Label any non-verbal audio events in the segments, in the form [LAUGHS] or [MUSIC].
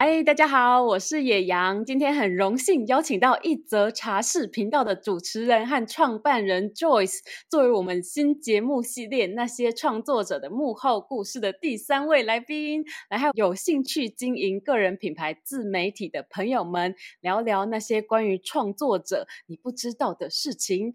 嗨，大家好，我是野羊。今天很榮幸邀請到一則茶室頻道的主持人和創辦人 Joyce，作為我們新節目系列那些創作者的幕後故事的第三位來賓，然後有，有興趣經營個人品牌自媒體的朋友們聊聊那些關於創作者你不知道的事情。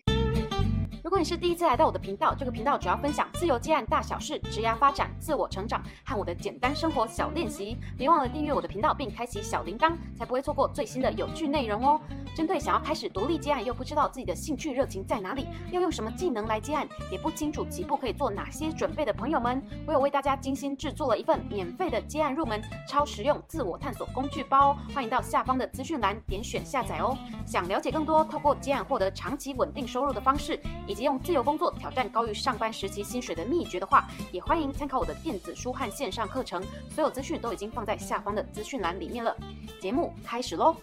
如果你是第一次來到我的頻道，這個頻道主要分享自由接案大小事、職涯發展、自我成長和我的簡單生活小練習。別忘了訂閱我的頻道並開啟小鈴鐺，才不會錯過最新的有趣內容哦。針對想要開始獨立接案又不知道自己的興趣熱情在哪裡、要用什麼技能來接案、也不清楚起步可以做哪些準備的朋友們，我有為大家精心制作了一份免費的接案入門超實用自我探索工具包哦，歡迎到下方的資訊欄點選下載哦。想了解更多透過接案獲得長期穩定收入的方式，以及用自由工作挑戰高於上班時期薪水的祕訣的話，也歡迎參考我的電子書和線上課程。所有資訊都已經放在下方的資訊欄裡面了。節目開始嘍！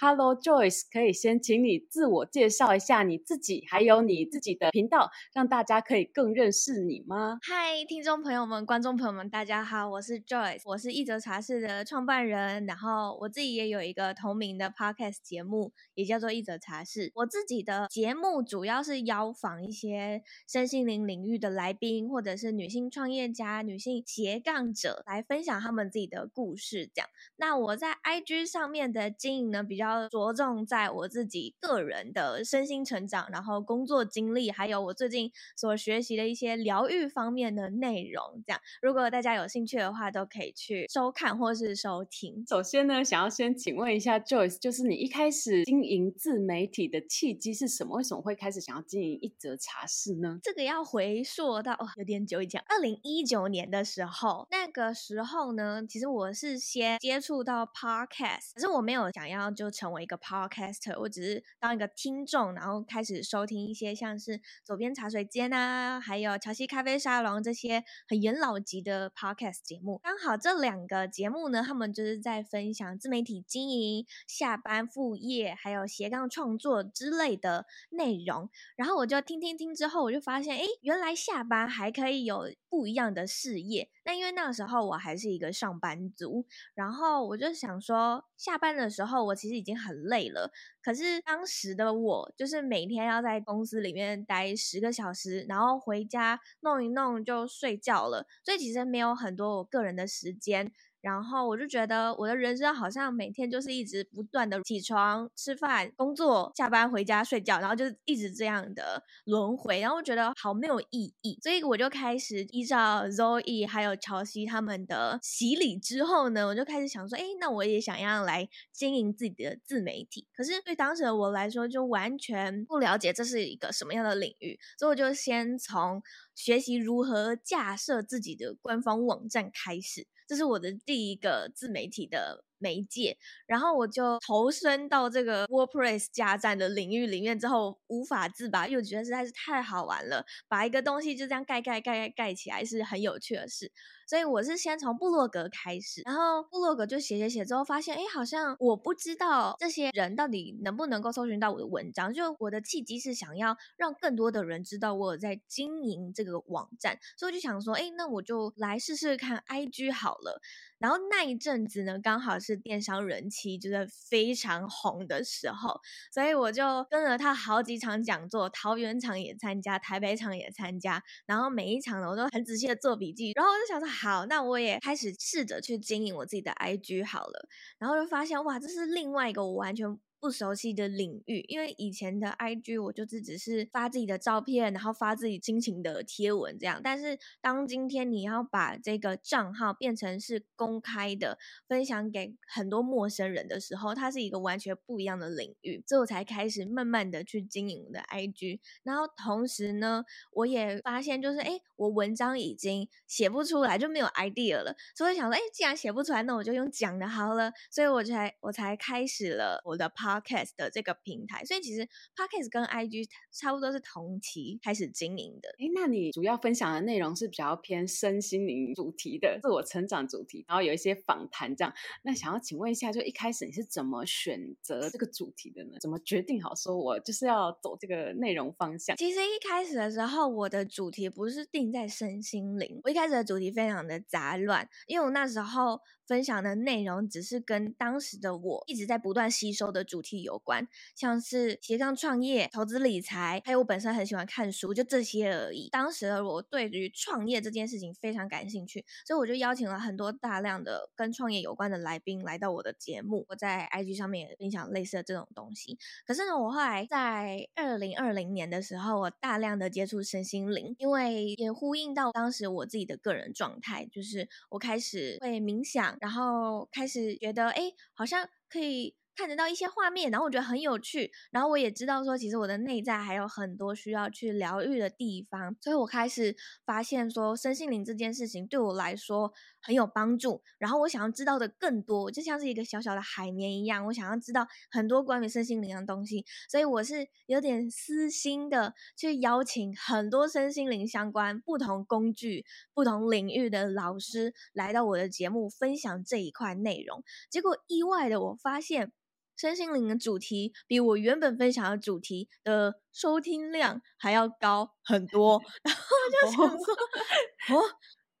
Hello, Joyce，可以先請你自我介紹一下你自己，還有你自己的頻道，讓大家可以更認識你嗎？嗨，聽衆朋友們、觀衆朋友們，大家好，我是 Joyce，我是一則茶室的創辦人，然後我自己也有一個同名的 Podcast 節目，也叫做一則茶室。我自己的節目主要是邀訪一些身心靈領域的來賓，或者是女性創業家、女性斜槓者，來分享他們自己的故事。這樣，那我在 IG 上面的經營呢，比較，要着重在我自己個人的身心成長，然後工作經歷，還有我最近所學習的一些療癒方面的內容。這樣，如果大家有興趣的話，都可以去收看或是收聽。首先呢，想要先請問一下 Joyce，就是你一開始經營自媒體的契機是什麼？為什麼會開始想要經營一則茶室呢？這個要回溯到，哦，有點久以前，二零一九年的時候，那個時候呢，其實我是先接觸到 Podcast，可是我沒有想要就。成為一個 podcaster，我只是當一個聽眾，然後開始收聽一些像是左邊茶水間啊，還有喬西咖啡沙龍這些很元老級的 podcast 節目。剛好這兩個節目呢，他們就是在分享自媒體經營、下班副業還有斜槓創作之類的內容。然後我就聽聽聽之後，我就發現，哎，原來下班還可以有不一樣的事業。那因為那個時候我還是一個上班族，然後我就想說，下班的時候我其實已經已經很累了，可是當時的我就是每天要在公司裡面待十個小時，然後回家弄一弄就睡覺了，所以其實沒有很多我個人的時間。然後我就覺得我的人生好像每天就是一直不斷的起床、吃飯、工作、下班、回家、睡覺，然後就一直這樣的輪迴。然後我覺得好沒有意義，所以我就開始依照 Zoe 還有 Joyce 他們的洗禮之後呢，我就開始想說，哎，那我也想要來經營自己的自媒體。可是對當時的我來說，就完全不了解這是一個什麼樣的領域，所以我就先從學習如何架設自己的官方網站開始。這是我的第一個自媒體的。媒介，然後我就投身到這個 WordPress 架站的領域裡面之後，無法自拔，又覺得實在是太好玩了。把一個東西就這樣蓋蓋蓋蓋蓋起來是很有趣的事，所以我是先從部落格開始，然後部落格就寫寫寫，之後發現，哎，好像我不知道這些人到底能不能夠搜尋到我的文章。就我的契機是想要讓更多的人知道我有在經營這個網站，所以我就想說，哎，那我就來試試看 IG 好了。然後那一陣子呢，剛好是是電商人妻就是非常紅的時候，所以我就跟了他好幾場講座，桃園場也參加，台北場也參加，然後每一場呢，我都很仔細的做筆記，然後我就想說，好，那我也開始試着去經營我自己的 IG 好了，然後就發現，哇，這是另外一個我完全。不熟悉的領域，因為以前的 IG 我就是只是發自己的照片，然後發自己親情的貼文這樣。但是當今天你要把這個賬號變成是公開的，分享給很多陌生人的時候，它是一個完全不一樣的領域。所以我才開始慢慢的去經營我的 IG。然後同時呢，我也發現就是哎、欸，我文章已經寫不出來，就沒有 idea 了。所以我想說哎、欸，既然寫不出來，那我就用講的好了。所以我才我才開始了我的 pod。Podcast 的這個平台，所以其實 Podcast 跟 IG 差不多是同期開始經營的。誒，那你主要分享的內容是比較偏身心靈主題的，自我成長主題，然後有一些訪談這樣。那想要請問一下，就一開始你是怎麼選擇這個主題的呢？怎麼決定好說我就是要走這個內容方向？其實一開始的時候，我的主題不是定在身心靈，我一開始的主題非常的雜亂，因為我那時候。分享的內容只是跟當時的我一直在不斷吸收的主題有關，像是斜槓創業、投資理財，還有我本身很喜歡看書，就這些而已。當時我對於創業這件事情非常感興趣，所以我就邀請了很多大量的跟創業有關的來賓來到我的節目。我在 IG 上面也分享類似的這種東西。可是呢，我後來在二零二零年的時候，我大量的接觸身心靈，因為也呼應到當時我自己的個人狀態，就是我開始會冥想。然後開始覺得，哎，好像可以看得到一些畫面，然後我覺得很有趣，然後我也知道說，其實我的內在還有很多需要去療癒的地方，所以我開始發現說，身心靈這件事情對我來說，很有幫助。然後我想要知道的更多，就像是一個小小的海綿一樣，我想要知道很多關於身心靈的東西。所以我是有點私心的去邀請很多身心靈相關、不同工具、不同領域的老師來到我的節目分享這一塊內容。結果意外的，我發現身心靈的主題比我原本分享的主題的收聽量還要高很多。 [LAUGHS] 然後就想說， [LAUGHS] 哦。哦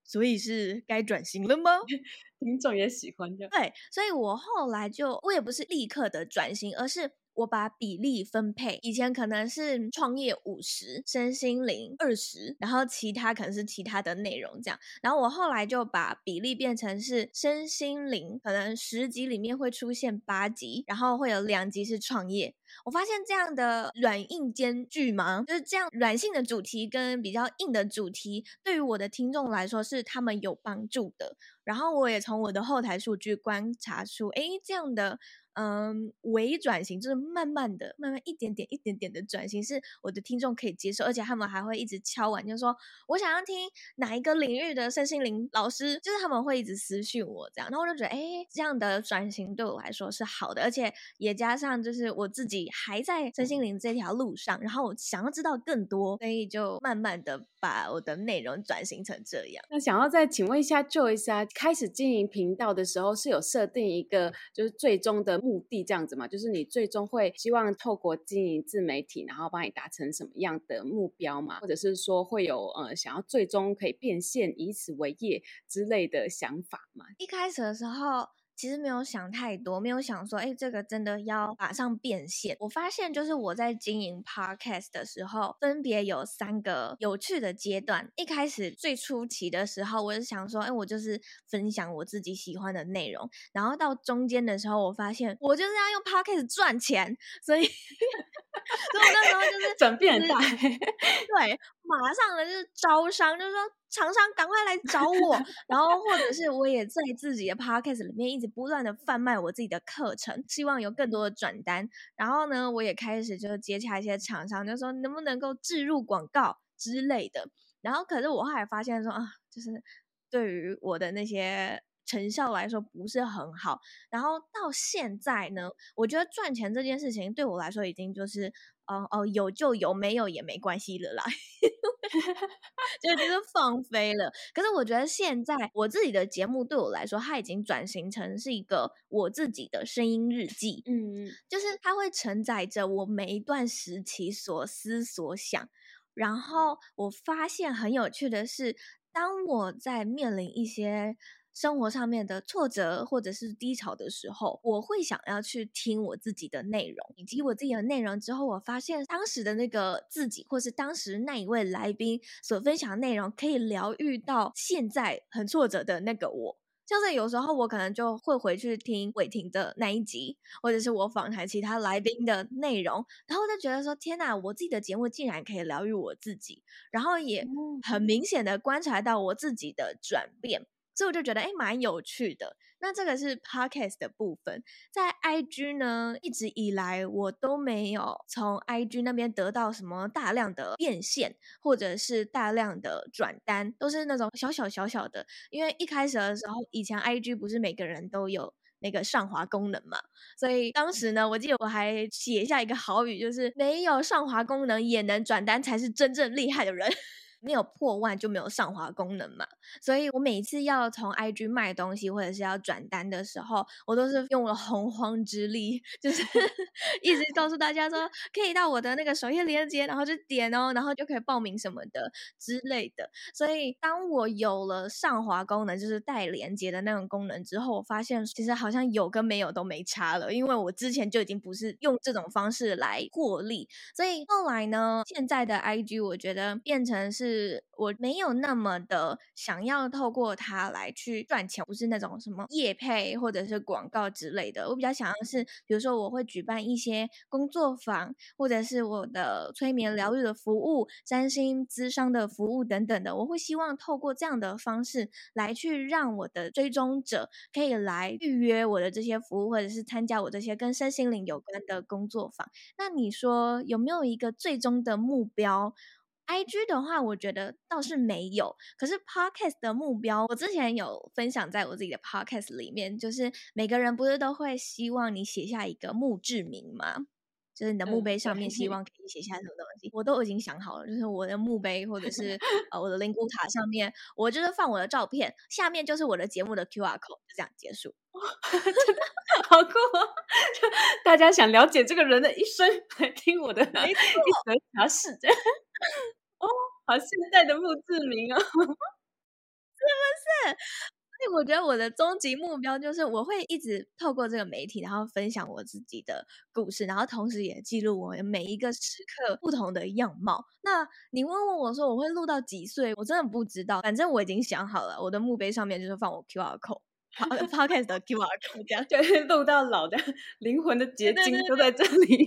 所以是該轉型了嗎？聽眾也喜歡這樣。對，所以我後來就，我也不是立刻的轉型，而是我把比例分配。以前可能是創業五十，身心靈二十，然後其他可能是其他的內容這樣。然後我後來就把比例變成是身心靈，可能十集裡面會出現八集，然後會有兩集是創業。我發現這樣的軟硬兼具嘛，就是這樣軟性的主題跟比較硬的主題，對於我的聽眾來說是他們有幫助的。然後我也從我的後台數據觀察出，哎，這樣的嗯、呃、微轉型就是慢慢的、慢慢一點點、一點點的轉型是我的聽眾可以接受，而且他們還會一直敲碗，就是說我想要聽哪一個領域的身心靈老師，就是他們會一直私訊我這樣。然後我就覺得，哎，這樣的轉型對我來說是好的，而且也加上就是我自己。還在身心靈這條路上，然後想要知道更多，所以就慢慢的把我的內容轉型成這樣。那想要再請問一下 Joyce 啊，就一下開始經營頻道的時候，是有設定一個就是最終的目的這樣子嗎？就是你最終會希望透過經營自媒體，然後幫你達成什麼樣的目標嗎？或者是說會有呃想要最終可以變現，以此為業之類的想法嗎？一開始的時候。其實沒有想太多，沒有想說，誒，這個真的要馬上變現。我發現，就是我在經營 podcast 的時候，分別有三個有趣的階段。一開始最初期的時候，我是想說，哎，我就是分享我自己喜歡的內容。然後到中間的時候，我發現我就是要用 podcast 賺錢，所以。 [LAUGHS] 所以那時候就是轉變很大，對，馬上的就是招商，就是說廠商趕快來找我， [LAUGHS] 然後或者是我也在自己的 podcast 裡面一直不斷的販賣我自己的課程，希望有更多的轉單。然後呢，我也開始就接洽一些廠商，就是說能不能夠置入廣告之類的。然後可是我後來發現說啊，就是對於我的那些。成效來說不是很好，然後到現在呢，我覺得賺錢這件事情對我來說已經就是，哦哦，有就有，沒有也沒關係了啦， [LAUGHS] 就，就是放飛了。可是我覺得現在我自己的節目對我來說，它已經轉型成是一個我自己的聲音日記，嗯嗯，就是它會承載着我每一段時期所思所想。然後我發現很有趣的是，當我在面臨一些生活上面的挫折或者是低潮的時候，我會想要去聽我自己的內容，以及我自己的內容之後，我發現當時的那個自己，或是當時那一位來賓所分享的內容，可以療癒到現在很挫折的那個我。像是有時候我可能就會回去聽偉霆的那一集，或者是我訪談其他來賓的內容，然後就覺得說：天哪！我自己的節目竟然可以療癒我自己，然後也很明顯的觀察到我自己的轉變。所以我就覺得，哎、欸，蠻有趣的。那這個是 Podcast 的部分。在 IG 呢，一直以來我都沒有從 IG 那邊得到什麼大量的變現，或者是大量的轉單，都是那種小小小小的。因為一開始的時候，以前 IG 不是每個人都有那個上滑功能嘛，所以當時呢，我記得我還寫下一個好語，就是沒有上滑功能也能轉單，才是真正厲害的人。沒有破萬就沒有上滑功能嘛，所以我每次要從 IG 賣東西或者是要轉單的時候，我都是用了洪荒之力，就是 [LAUGHS] 一直告訴大家說可以到我的那個首頁鏈接，然後就點哦，然後就可以報名什麼的之類的。所以當我有了上滑功能，就是帶連接的那種功能之後，我發現其實好像有跟沒有都沒差了，因為我之前就已經不是用這種方式來獲利，所以後來呢，現在的 IG 我覺得變成是。是我沒有那麼的想要透過它來去賺錢，不是那種什麼業配或者是廣告之類的。我比較想要是，比如說我會舉辦一些工作坊，或者是我的催眠療癒的服務、占星諮商的服務等等的。我會希望透過這樣的方式來去讓我的追蹤者可以來預約我的這些服務，或者是參加我這些跟身心靈有關的工作坊。那你說有沒有一個最終的目標？IG 的話，我覺得倒是沒有。可是 podcast 的目標，我之前有分享在我自己的 podcast 裡面，就是每個人不是都會希望你寫下一個墓誌銘嗎？就是你的墓碑上面希望可以寫下什麼東西，呃，我都已經想好了。就是我的墓碑或者是 [LAUGHS] 呃我的靈骨塔上面，我就是放我的照片，下面就是我的節目的 QR code，就這樣結束。哦，真的好酷哦！就 [LAUGHS] 大家想了解這個人的一生，來聽我的一則茶室。哦，好、啊、現代的墓志銘哦， [LAUGHS] 是不是？所以我覺得我的終極目標就是，我會一直透過這個媒體，然後分享我自己的故事，然後同時也記錄我每一個時刻不同的樣貌。那你問問我說，我會錄到幾歲？我真的不知道，反正我已經想好了，我的墓碑上面就是放我 Q R 扣。好 Podcast 的我講，就是錄到老的靈魂的結晶都在這裡，沒錯， [LAUGHS]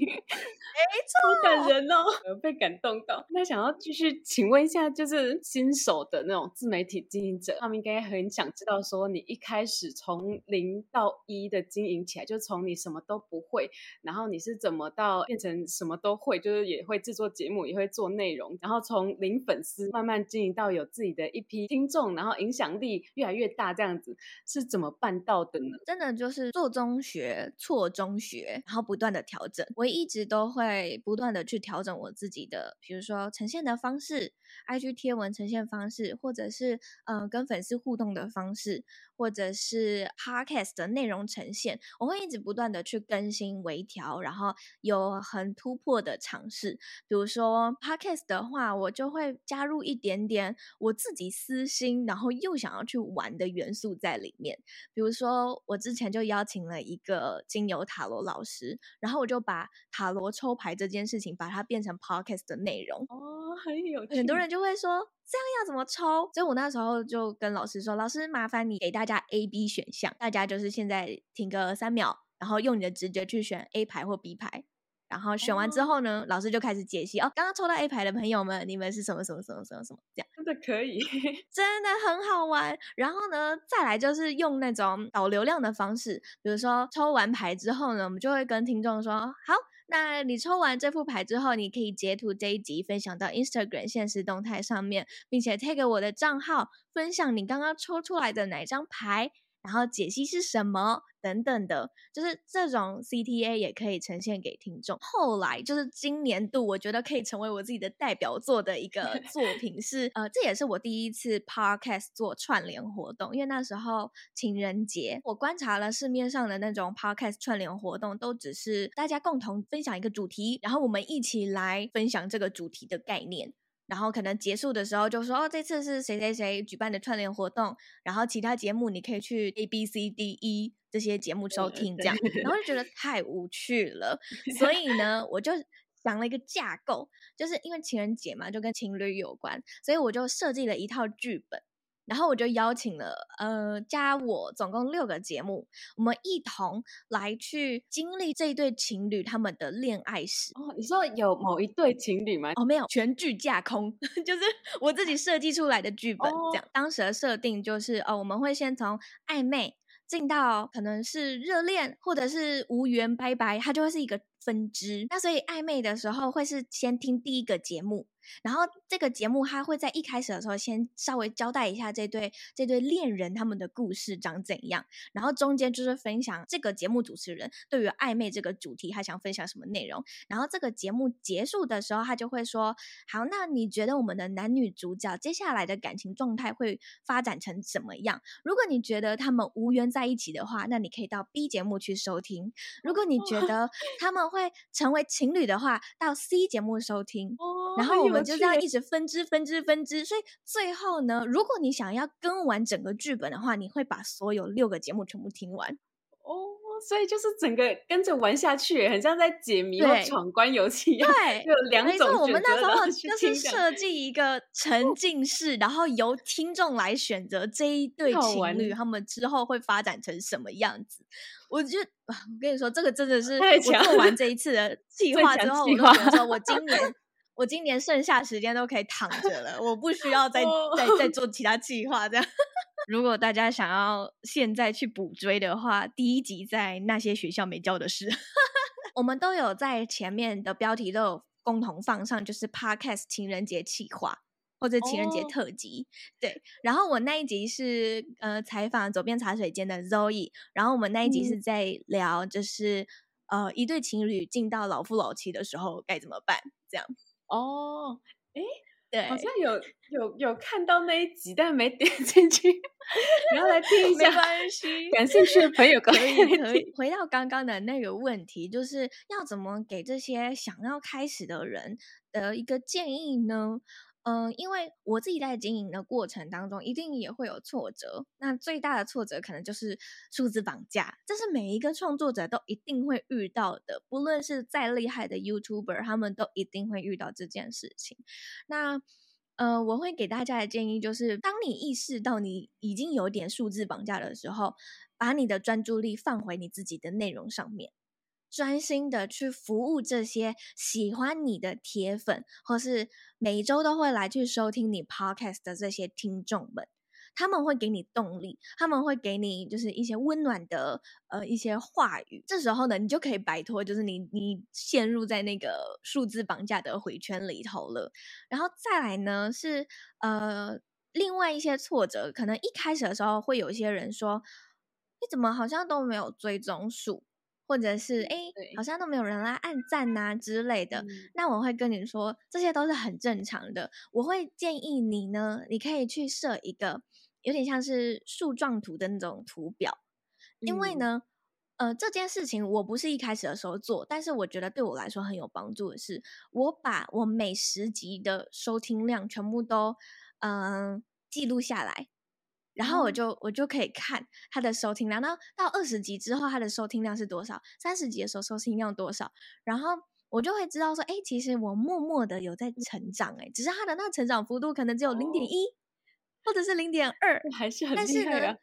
好感人哦、欸，被感動到。那想要繼續請問一下，就是新手的那種自媒體經營者，他們應該很想知道，說你一開始從零到一的經營起來，就從你什麼都不會，然後你是怎麼到變成什麼都會，就是也會制作節目，也會做內容，然後從零粉絲慢慢經營到有自己的一批聽眾，然後影響力越來越大，這樣子是。怎麼辦到的呢？真的就是做中學，錯中學，然後不斷的調整。我一直都會不斷的去調整我自己的，比如說呈現的方式。IG 貼文呈現方式，或者是嗯、呃、跟粉絲互動的方式，或者是 Podcast 的內容呈現，我會一直不斷的去更新微調，然後有很突破的嘗試。比如說 Podcast 的話，我就會加入一點點我自己私心，然後又想要去玩的元素在裡面。比如說我之前就邀請了一個精油塔羅老師，然後我就把塔羅抽牌這件事情，把它變成 Podcast 的內容。哦，很有趣，很多人。就會說這樣要怎麼抽？所以我那時候就跟老師說：“老師，麻煩你給大家 A、B 選項，大家就是現在停個三秒，然後用你的直覺去選 A 牌或 B 牌。然後選完之後呢，Oh. 老師就開始解析哦。剛剛抽到 A 牌的朋友們，你們是什麼什麼什麼什麼什麼？這樣真的可以，真的很好玩。然後呢，再來就是用那種導流量的方式，比如說抽完牌之後呢，我們就會跟聽眾說好。”那你抽完這副牌之後，你可以截圖這一集，分享到 Instagram 限時動態上面，並且 tag 我的賬號，分享你剛剛抽出來的哪張牌，然後解析是什麼。等等的，就是這種 CTA 也可以呈現給聽眾。後來就是今年度，我覺得可以成為我自己的代表作的一個作品是， [LAUGHS] 呃，這也是我第一次 Podcast 做串聯活動，因為那時候情人節，我觀察了市面上的那種 Podcast 串聯活動，都只是大家共同分享一個主題，然後我們一起來分享這個主題的概念，然後可能結束的時候就說哦，這次是誰誰誰舉辦的串聯活動，然後其他節目你可以去 ABCDE。這些節目收聽這樣， [LAUGHS] 然後就覺得太無趣了， [LAUGHS] 所以呢，我就想了一個架構，就是因為情人節嘛，就跟情侶有關，所以我就設計了一套劇本，然後我就邀請了呃加我總共六個節目，我們一同來去經歷這對情侶他們的戀愛史。哦，你說有某一對情侶嗎？哦，沒有，全劇架空，就是我自己設計出來的劇本這樣。哦。當時的設定就是哦，我們會先從曖昧。進到可能是熱戀，或者是無緣，拜拜，它就會是一個分支。那所以曖昧的時候會是先聽第一個節目，然後這個節目它會在一開始的時候先稍微交代一下這對這對戀人他們的故事長怎樣，然後中間就是分享這個節目主持人對於曖昧這個主題他想分享什麼內容，然後這個節目結束的時候他就會說，好，那你覺得我們的男女主角接下來的感情狀態會發展成怎麼樣？如果你覺得他們無緣在一起的話，那你可以到 B 節目去收聽。如果你覺得他們會成為情侶的話，到 C 節目收聽，哦、然後我們就這樣一直分支、分支、分、哦、支、嗯。所以最後呢，如果你想要跟完整個劇本的話，你會把所有六個節目全部聽完哦。所以就是整個跟着玩下去，很像在解謎或闖關遊戲一樣，對，就有兩種選擇。我們那時候就是設計一個沉浸式，然後由聽眾來選擇這一對情侶他們之後會發展成什麼樣子。我就我跟你說，這個真的是我做完這一次的計劃之後，我就覺得我今年 [LAUGHS] 我今年剩下時間都可以躺着了，我不需要再再再做其他計劃這樣。如果大家想要現在去補追的話，第一集在那些學校沒教的事， [LAUGHS] 我們都有在前面的標題都有共同放上，就是 podcast 情人節企劃或者情人節特輯。哦。對，然後我那一集是呃採訪走遍茶水間的 Zoe，然後我們那一集是在聊就是、嗯、呃一對情侶進到老夫老妻的時候該怎麼辦這樣。哦，哎。對，好像有有有看到那一集，但沒點進去， [LAUGHS] 然後來聽一下。沒關係，感興趣的朋友可以 [LAUGHS] 可以，可以回到剛剛的那個問題，就是要怎麼給這些想要開始的人的一個建議呢？嗯，因為我自己在經營的過程當中，一定也會有挫折。那最大的挫折可能就是數字綁架，這是每一個創作者都一定會遇到的。不論是再厲害的 YouTuber，他們都一定會遇到這件事情。那呃、嗯，我會給大家的建議就是，當你意識到你已經有點數字綁架的時候，把你的專注力放回你自己的內容上面。專心的去服務這些喜歡你的鐵粉，或是每周都會來去收聽你 podcast 的這些聽眾們，他們會給你動力，他們會給你就是一些溫暖的呃一些話語。這時候呢，你就可以擺脫就是你你陷入在那個數字綁架的回圈裡頭了。然後再來呢是呃另外一些挫折，可能一開始的時候會有一些人說，你怎麼好像都沒有追蹤數？或者是誒、欸，好像都沒有人來、啊、按讚啊之類的、嗯，那我會跟你說，這些都是很正常的。我會建議你呢，你可以去設一個有點像是樹狀圖的那種圖表，因為呢、嗯，呃，這件事情我不是一開始的時候做，但是我覺得對我來說很有幫助的是，我把我每十集的收聽量全部都嗯、呃、記錄下來。然後我就、嗯、我就可以看他的收聽量，到到二十集之後他的收聽量是多少，三十集的時候收聽量多少，然後我就會知道說，哎，其實我默默的有在成長，哎，只是他的那成長幅度可能只有零點一，或者是零點二，還是很厲害的。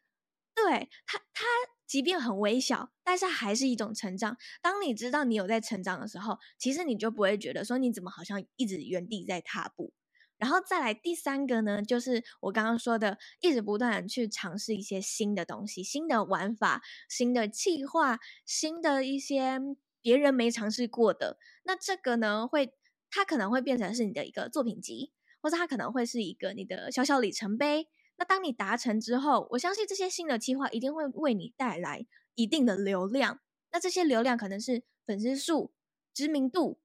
對他，他即便很微小，但是還是一種成長。當你知道你有在成長的時候，其實你就不會覺得說你怎麼好像一直原地在踏步。然後再來第三個呢，就是我剛剛說的，一直不斷去嘗試一些新的東西、新的玩法、新的計劃、新的一些別人沒嘗試過的。那這個呢，會它可能會變成是你的一個作品集，或者它可能會是一個你的小小里程碑。那當你達成之後，我相信這些新的計劃一定會為你帶來一定的流量。那這些流量可能是粉絲數、知名度，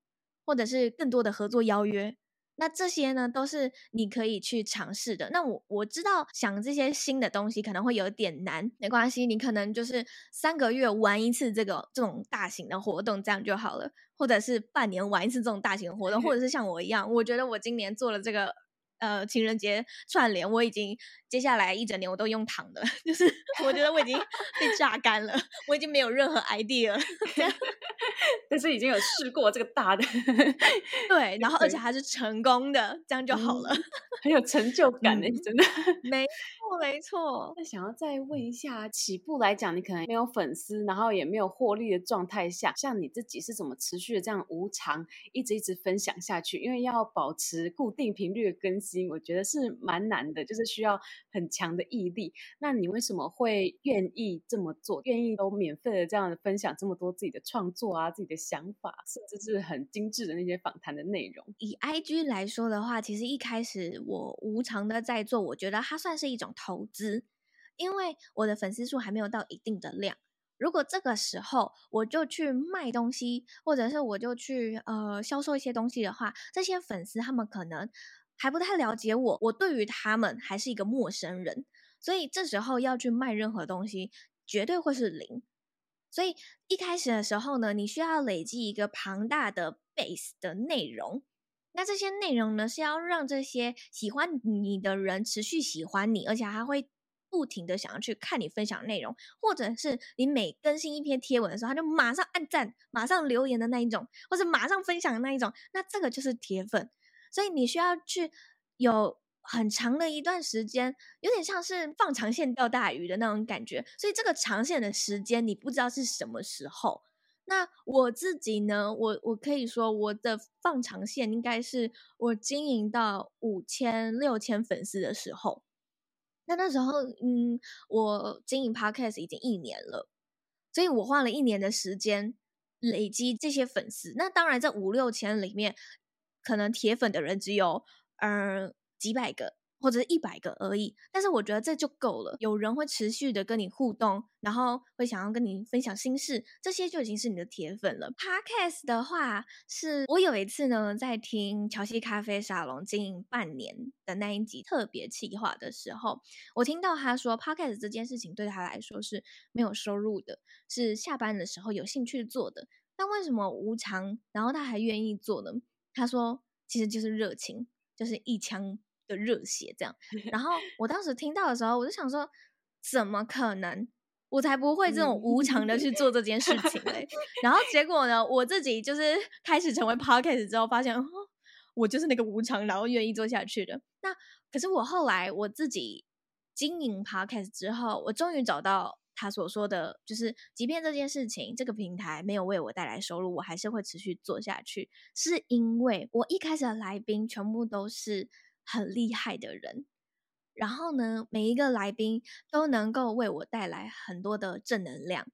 或者是更多的合作邀約。那這些呢，都是你可以去嘗試的。那我我知道想這些新的東西可能會有點難，沒關係，你可能就是三個月玩一次這個這種大型的活動，這樣就好了，或者是半年玩一次這種大型的活動，或者是像我一樣，我覺得我今年做了這個。呃，情人節串聯，我已經接下來一整年我都用躺的，就是我覺得我已經被榨乾了， [LAUGHS] 我已經沒有任何 idea 了， [LAUGHS] 但是已經有試過這個大的， [LAUGHS] 對，然後而且還是成功的，這樣就好了，嗯、很有成就感的、欸嗯，你真的沒。沒錯，那想要再問一下，起步來講，你可能沒有粉絲，然後也沒有獲利的狀態下，像你自己是怎麼持續的這樣無償一直一直分享下去？因為要保持固定頻率的更新，我覺得是蠻難的，就是需要很強的毅力。那你為什麼會願意這麼做？願意都免費的這樣分享這麼多自己的創作啊，自己的想法，甚至是很精緻的那些訪談的內容？以 IG 來說的話，其實一開始我無償的在做，我覺得它算是一種。投資，因為我的粉絲數還沒有到一定的量。如果這個時候我就去賣東西，或者是我就去呃銷售一些東西的話，這些粉絲他們可能還不太了解我，我對於他們還是一個陌生人，所以這時候要去賣任何東西絕對會是零。所以一開始的時候呢，你需要累積一個龐大的 base 的內容。那這些內容呢，是要讓這些喜歡你的人持續喜歡你，而且還會不停的想要去看你分享內容，或者是你每更新一篇貼文的時候，他就馬上按讚、馬上留言的那一種，或者馬上分享的那一種。那這個就是鐵粉，所以你需要去有很長的一段時間，有點像是放長線釣大魚的那種感覺。所以這個長線的時間，你不知道是什麼時候。那我自己呢？我我可以說，我的放長線應該是我經營到五千、六千粉絲的時候。那那時候，嗯，我經營 Podcast 已經一年了，所以我花了一年的時間累積這些粉絲。那當然，在五六千裡面，可能鐵粉的人只有嗯、呃、幾百個。或者是一百個而已，但是我覺得這就夠了。有人會持續的跟你互動，然後會想要跟你分享心事，這些就已經是你的鐵粉了。Podcast 的話，是我有一次呢在聽喬西咖啡沙龍經營半年的那一集特別企劃的時候，我聽到他說 Podcast 這件事情對他來說是沒有收入的，是下班的時候有興趣做的。那為什麼無償，然後他還願意做呢？他說其實就是熱情，就是一腔的熱血這樣，然後我當時聽到的時候，我就想說， [LAUGHS] 怎麼可能？我才不會這種無償的去做這件事情嘞。 [LAUGHS] 然後結果呢，我自己就是開始成為 Podcast 之後，發現哦，我就是那個無償然後願意做下去的。那可是我後來我自己經營 Podcast 之後，我終於找到他所說的，就是即便這件事情這個平台沒有為我帶來收入，我還是會持續做下去，是因為我一開始的來賓全部都是。很厲害的人，然後呢，每一個來賓都能夠為我帶來很多的正能量，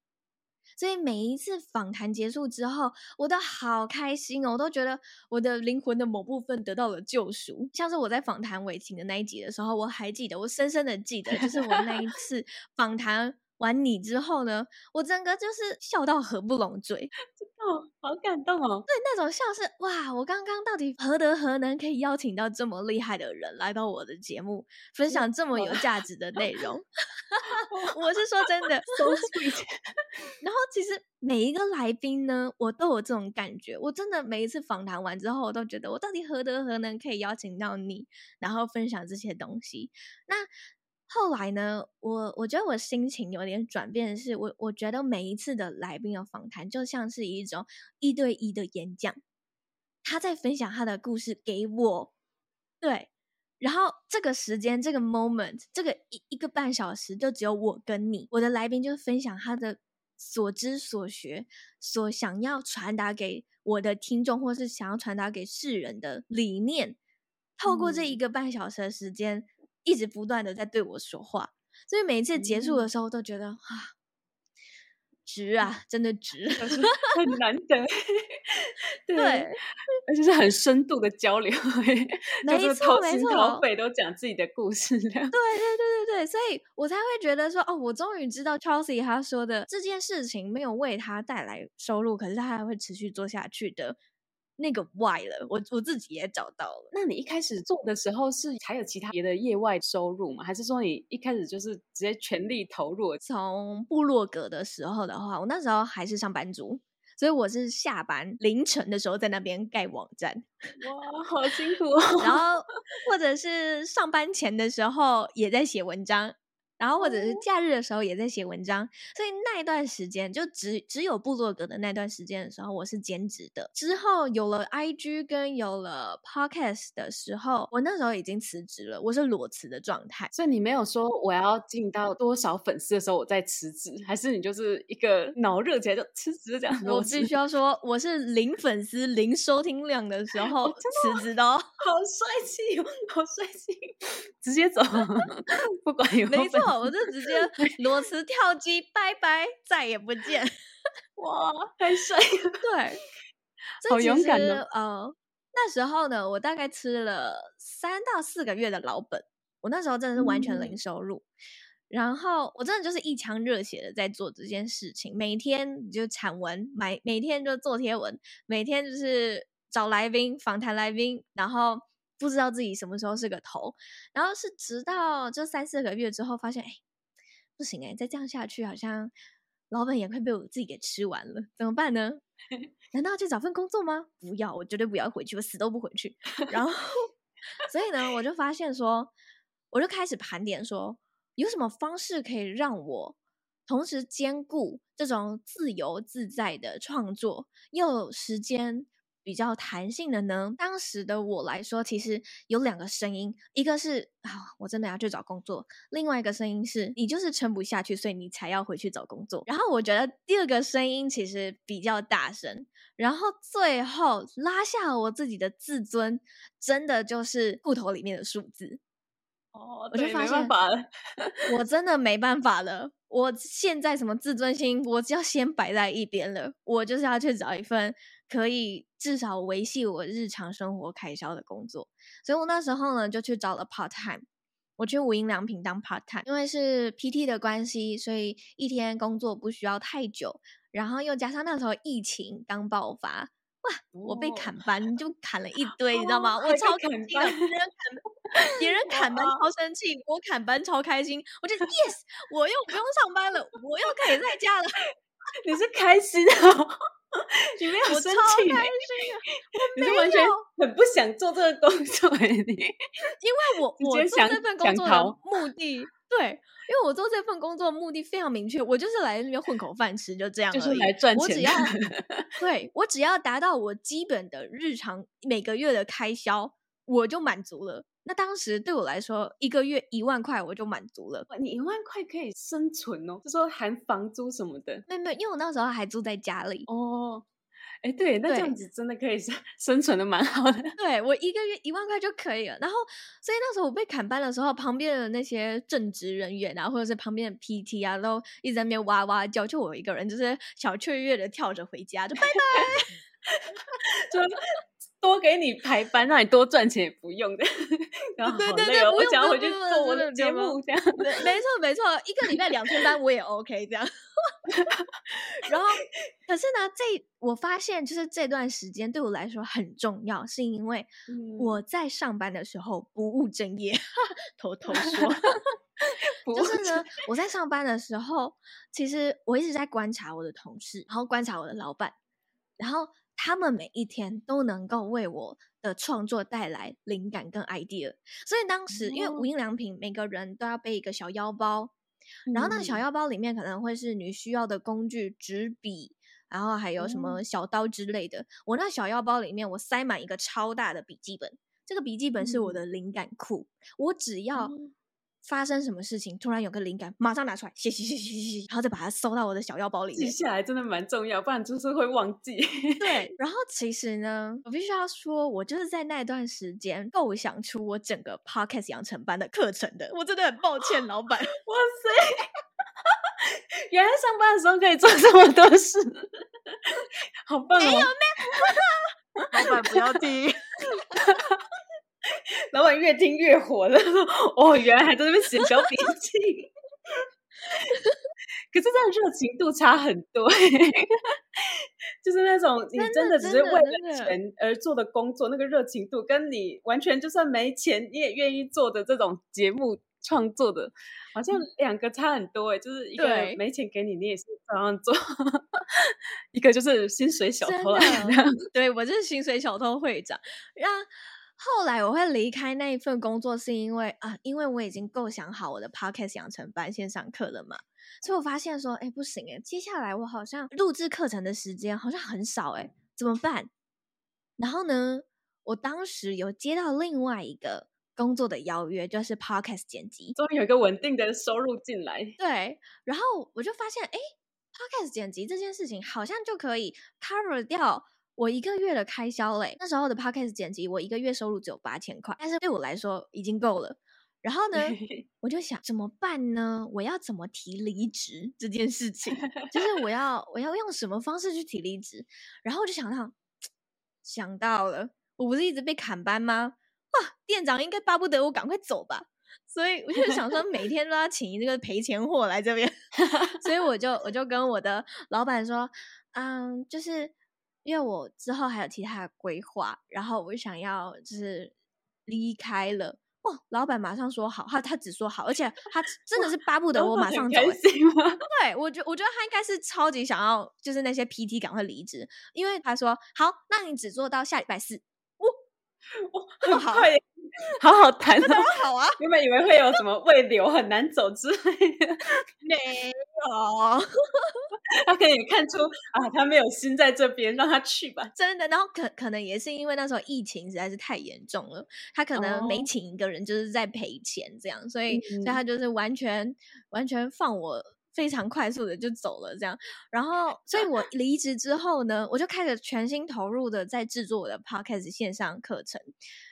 所以每一次訪談結束之後，我都好開心哦，我都覺得我的靈魂的某部分得到了救贖。 [LAUGHS] 像是我在訪談韋晴的那一集的時候，我還記得，我深深的記得，就是我那一次訪談。 [LAUGHS] 完你之後呢，我整個就是笑到合不攏嘴，真的好感動哦！對，那種笑是哇，我剛剛到底何德何能可以邀請到這麼厲害的人來到我的節目，分享這麼有價值的內容。 [LAUGHS] 我是說真的 [LAUGHS] [LAUGHS] 然後其實每一個來賓呢，我都有這種感覺，我真的每一次訪談完之後，我都覺得我到底何德何能可以邀請到你，然後分享這些東西。那。後來呢，我我覺得我心情有點轉變的是，我我覺得每一次的來賓的訪談就像是一種一對一的演講，他在分享他的故事給我，對，然後這個時間這個 moment 這個一一個半小時就只有我跟你，我的來賓就分享他的所知所學，所想要傳達給我的聽眾，或是想要傳達給世人的理念，透過這一個半小時的時間。嗯。一直不斷的在對我說話，所以每一次結束的時候都覺得、嗯、啊，值啊，真的值， [LAUGHS] 很難得對。對，而且是很深度的交流，沒錯 [LAUGHS] 就是掏心掏肺都講自己的故事。對對對對對，所以我才會覺得說哦，我終於知道 Chelsea 他說的這件事情沒有為他帶來收入，可是他還會持續做下去的。那個 why 了，我我自己也找到了。那你一開始做的時候是還有其他別的業外收入嗎？還是說你一開始就是直接全力投入？從部落格的時候的話，我那時候還是上班族，所以我是下班凌晨的時候在那邊蓋網站，哇，好辛苦哦。 [LAUGHS] 然後或者是上班前的時候也在寫文章。然後或者是假日的時候也在寫文章。哦、所以那一段時間就只只有部落格的那段時間的時候我是兼職的。之後有了 I G 跟有了 podcast 的時候，我那時候已經辭職了，我是裸辭的狀態。所以你沒有說我要進到多少粉絲的時候我再辭職，還是你就是一個腦熱起來就辭職這樣子？ [LAUGHS] 我必須要說我是零粉絲、零收聽量的時候辭職的，哦。 [LAUGHS] 好帥氣，好帥氣，直接走， [LAUGHS] 不管有沒有 [LAUGHS] [LAUGHS] 我就直接裸辭跳機，拜拜，再也不見！哇、 [LAUGHS] wow,，太帥了， [LAUGHS] 對，好勇敢的、哦呃。那時候呢，我大概吃了三到四個月的老本，我那時候真的是完全零收入，嗯、然後我真的就是一腔熱血的在做這件事情，每天就產文買，每天就做貼文，每天就是找來賓訪談來賓，然後。不知道自己什麼時候是個頭，然後是直到這三四個月之後，發現哎，不行哎，再這樣下去，好像老板也快被我自己給吃完了，怎麼辦呢？難道去找份工作嗎？不要，我絕對不要回去，我死都不回去。然後，所以呢，我就發現說，我就開始盤點說，有什麼方式可以讓我同時兼顧這種自由自在的創作，又有時間。比較彈性的呢？當時的我來說，其實有兩個聲音，一個是啊，我真的要去找工作；另外一個聲音是，你就是撐不下去，所以你才要回去找工作。然後我覺得第二個聲音其實比較大聲，然後最後拉下我自己的自尊，真的就是戶頭裡面的數字。哦，我就發現， [LAUGHS] 我真的沒辦法了。我現在什麼自尊心，我就要先擺在一邊了。我就是要去找一份可以至少維繫我日常生活開銷的工作。所以我那時候呢，就去找了 part time。我去無印良品當 part time，因為是 PT 的關係，所以一天工作不需要太久。然後又加上那時候疫情剛爆發。哇！我被砍班你，哦，就砍了一堆，哦，你知道嗎？我超開心的、的，別人砍班， [LAUGHS] 別人砍班超生氣，我砍班超開心。我就 yes， [LAUGHS] 我又不用上班了，我又可以在家了。你是開心啊？ [LAUGHS] 你沒有生氣，欸，我超開心啊沒有！你是完全很不想做這個工作，欸？你因為我你想我做這份工作的目的對，因為我做這份工作的目的非常明確，我就是來那邊混口飯吃，就這樣了。就是、來賺錢。我只要， [LAUGHS] 對，我只要達到我基本的日常每個月的開銷，我就滿足了。那當時對我來說，一個月一萬塊我就滿足了。你一萬塊可以生存哦？就說含房租什麼的。沒沒，因為我那時候還住在家裡。哦、oh.。哎，對，那這樣子真的可以生生存的蠻好的。對，我一個月一萬塊就可以了，然後，所以那時候我被砍班的時候，旁邊的那些正職人員啊，或者是旁邊的 PT 啊，都一直在那邊哇哇叫，就我一個人，就是小雀躍的跳着回家，就拜拜，真 [LAUGHS] [LAUGHS] [LAUGHS] [LAUGHS] 多給你排班，讓你多賺錢也不用的，然 [LAUGHS] 後、啊、好累哦。對對對，我想要回去做我的節目這樣，對沒錯沒錯，一個禮拜兩天班我也 OK 這樣。 [LAUGHS] 然後，可是呢，這我發現就是這段時間對我來說很重要，是因為我在上班的時候不務正業， [LAUGHS] 偷偷說， [LAUGHS] 就是呢， [LAUGHS] 我在上班的時候，其實我一直在觀察我的同事，然後觀察我的老板，然後。他們每一天都能夠為我的創作帶來靈感跟 idea，所以當時因為無印良品每個人都要背一個小腰包，然後那個小腰包裡面可能會是你需要的工具、紙筆，然後還有什麼小刀之類的。我那小腰包裡面我塞滿一個超大的筆記本，這個筆記本是我的靈感庫，我只要。發生什麼事情？突然有個靈感，馬上拿出來嘻嘻嘻嘻嘻，然後再把它收到我的小腰包裡。記下來真的蠻重要，不然就是會忘記。 [LAUGHS] 對，然後其實呢，我必須要說，我就是在那段時間構想出我整個 Podcast 養成班的課程的。我真的很抱歉，老闆。哇塞， [LAUGHS] 原來上班的時候可以做這麼多事， [LAUGHS] 好棒哦！哎呦，那 [LAUGHS] 老闆不要聽。 [LAUGHS] 老闆越聽越火了，說：“哦，原來還在那邊寫小筆記。 [LAUGHS] ”可是這樣熱情度差很多，欸，就是那種你真的只是為了錢而做的工作，那個熱情度跟你完全就算沒錢你也願意做的這種節目創作的，好像兩個差很多哎，欸，就是一個沒錢給你，你也是照樣做；一個就是薪水小偷了，對，我就是薪水小偷會長這樣。後來我會離開那一份工作，是因為啊，因為我已經構想好我的 podcast 養成班線上課了嘛，所以我發現說，哎，不行哎，接下來我好像錄制課程的時間好像很少哎，怎麼辦？然後呢，我當時有接到另外一個工作的邀約，就是 podcast 剪輯，終於有一個穩定的收入進來。對，然後我就發現，哎，podcast 剪輯這件事情好像就可以 cover 掉。我一個月的開銷嘞、欸，那時候的 podcast 剪輯，我一個月收入只有八千塊，但是對我來說已經夠了。然後呢，我就想怎麼辦呢？我要怎麼提離職這件事情？就是我要我要用什麼方式去提離職？然後我就想到想到了，我不是一直被砍班嗎？哇，店長應該巴不得我趕快走吧。所以我就想說，每天都要請一個賠錢貨來這邊。 [LAUGHS] 所以我就我就跟我的老闆說，嗯，就是。因為我之後還有其他的規劃，然後我想要就是離開了哇、哦！老板馬上說好，他他只說好，而且他真的是巴不得我馬上走、欸。開心嗎？對我覺得我覺得他應該是超級想要，就是那些 PT 趕快離職，因為他說好，那你只做到下禮拜四，哇哇，我很、哦、好。快！好好談哦，好啊！原本以為會有什麼慰留很難走之類的， [LAUGHS] 沒有。 [LAUGHS] 他可以看出啊，他沒有心在這邊，讓他去吧，真的。然後可可能也是因為那時候疫情實在是太嚴重了，他可能沒請一個人就是在賠錢這樣，哦、所以、嗯、所以他就是完全完全放我。非常快速的就走了，這樣，然後，所以我離職之後呢， [LAUGHS] 我就開始全心投入的在製作我的 podcast 線上課程，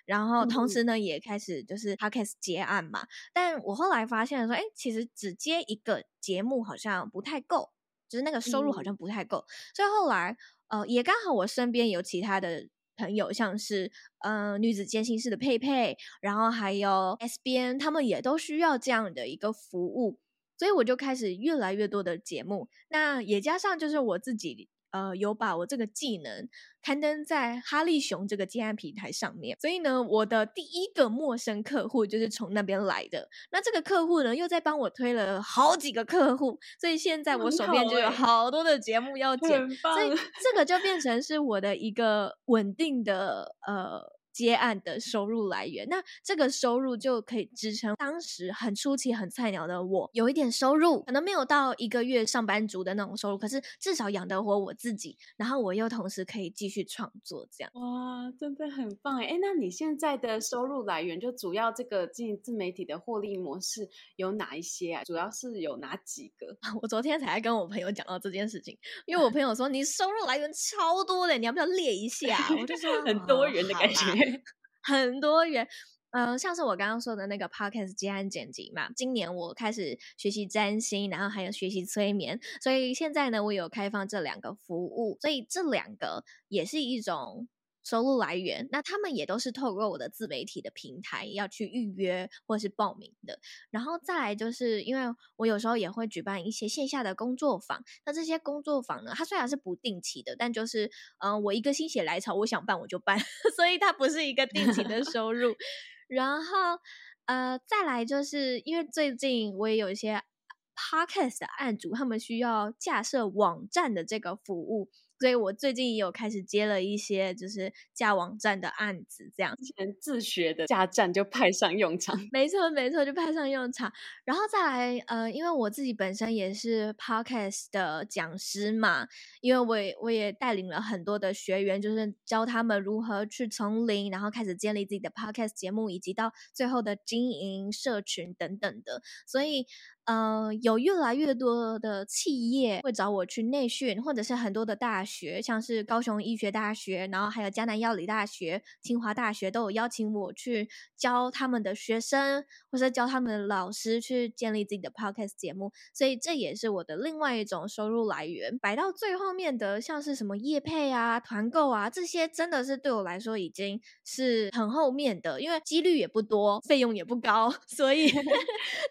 然後同時呢，嗯、也開始就是 podcast 接案嘛。但我後來發現說，哎，其實只接一個節目好像不太夠，就是那個收入好像不太夠，嗯、所以後來，呃，也剛好我身邊有其他的朋友，像是呃女子監心室的佩佩，然後還有 SBN，他們也都需要這樣的一個服務。所以我就開始越來越多的節目，那也加上就是我自己，呃，有把我這個技能刊登在哈利熊這個接案平台上面。所以呢，我的第一個陌生客戶就是從那邊來的。那這個客戶呢，又在幫我推了好幾個客戶，所以現在我手邊就有好多的節目要剪。欸、所以這個就變成是我的一個穩定的呃。接案的收入來源，那這個收入就可以支撐當時很初期，很菜鳥的我有一點收入，可能沒有到一個月上班族的那種收入，可是至少養得活我自己。然後我又同時可以繼續創作，這樣。哇，真的很棒哎！哎，那你現在的收入來源就主要這個進自媒體的獲利模式有哪一些啊？主要是有哪幾個？ [LAUGHS] 我昨天才跟我朋友講到這件事情，因為我朋友說 [LAUGHS] 你收入來源超多的，你要不要列一下？我就說 [LAUGHS] 很多元的感覺。 [LAUGHS] [LAUGHS] 很多元，嗯、呃，像是我剛剛說的那個 podcast 接案剪輯嘛，今年我開始學習占星，然後還有學習催眠，所以現在呢，我有開放這兩個服務，所以這兩個也是一種。收入來源，那他們也都是透過我的自媒體的平台要去預約或是報名的。然後再來就是，因為我有時候也會舉辦一些線下的工作坊。那這些工作坊呢，它雖然是不定期的，但就是，嗯、呃，我一個心血來潮，我想辦我就辦， [LAUGHS] 所以它不是一個定期的收入。 [LAUGHS] 然後，呃，再來就是因為最近我也有一些 podcast 的案主，他們需要架設網站的這個服務。所以，我最近也有開始接了一些就是架網站的案子，這樣之前自學的架站就派上用場。 [LAUGHS] 沒錯，沒錯，就派上用場。然後再來，呃，因為我自己本身也是 podcast 的講師嘛，因為我也我也帶領了很多的學員，就是教他們如何去從零，然後開始建立自己的 podcast 節目，以及到最後的經營社群等等的，所以。嗯、呃，有越來越多的企業會找我去內訓，或者是很多的大學，像是高雄醫學大學，然後還有嘉南藥理大學、清華大學，都有邀請我去教他們的學生，或者教他們的老師去建立自己的 podcast 節目。所以這也是我的另外一種收入來源。擺到最後面的，像是什麼業配啊、團購啊這些，真的是對我來說已經是很後面的，因為幾率也不多，費用也不高，所以呵呵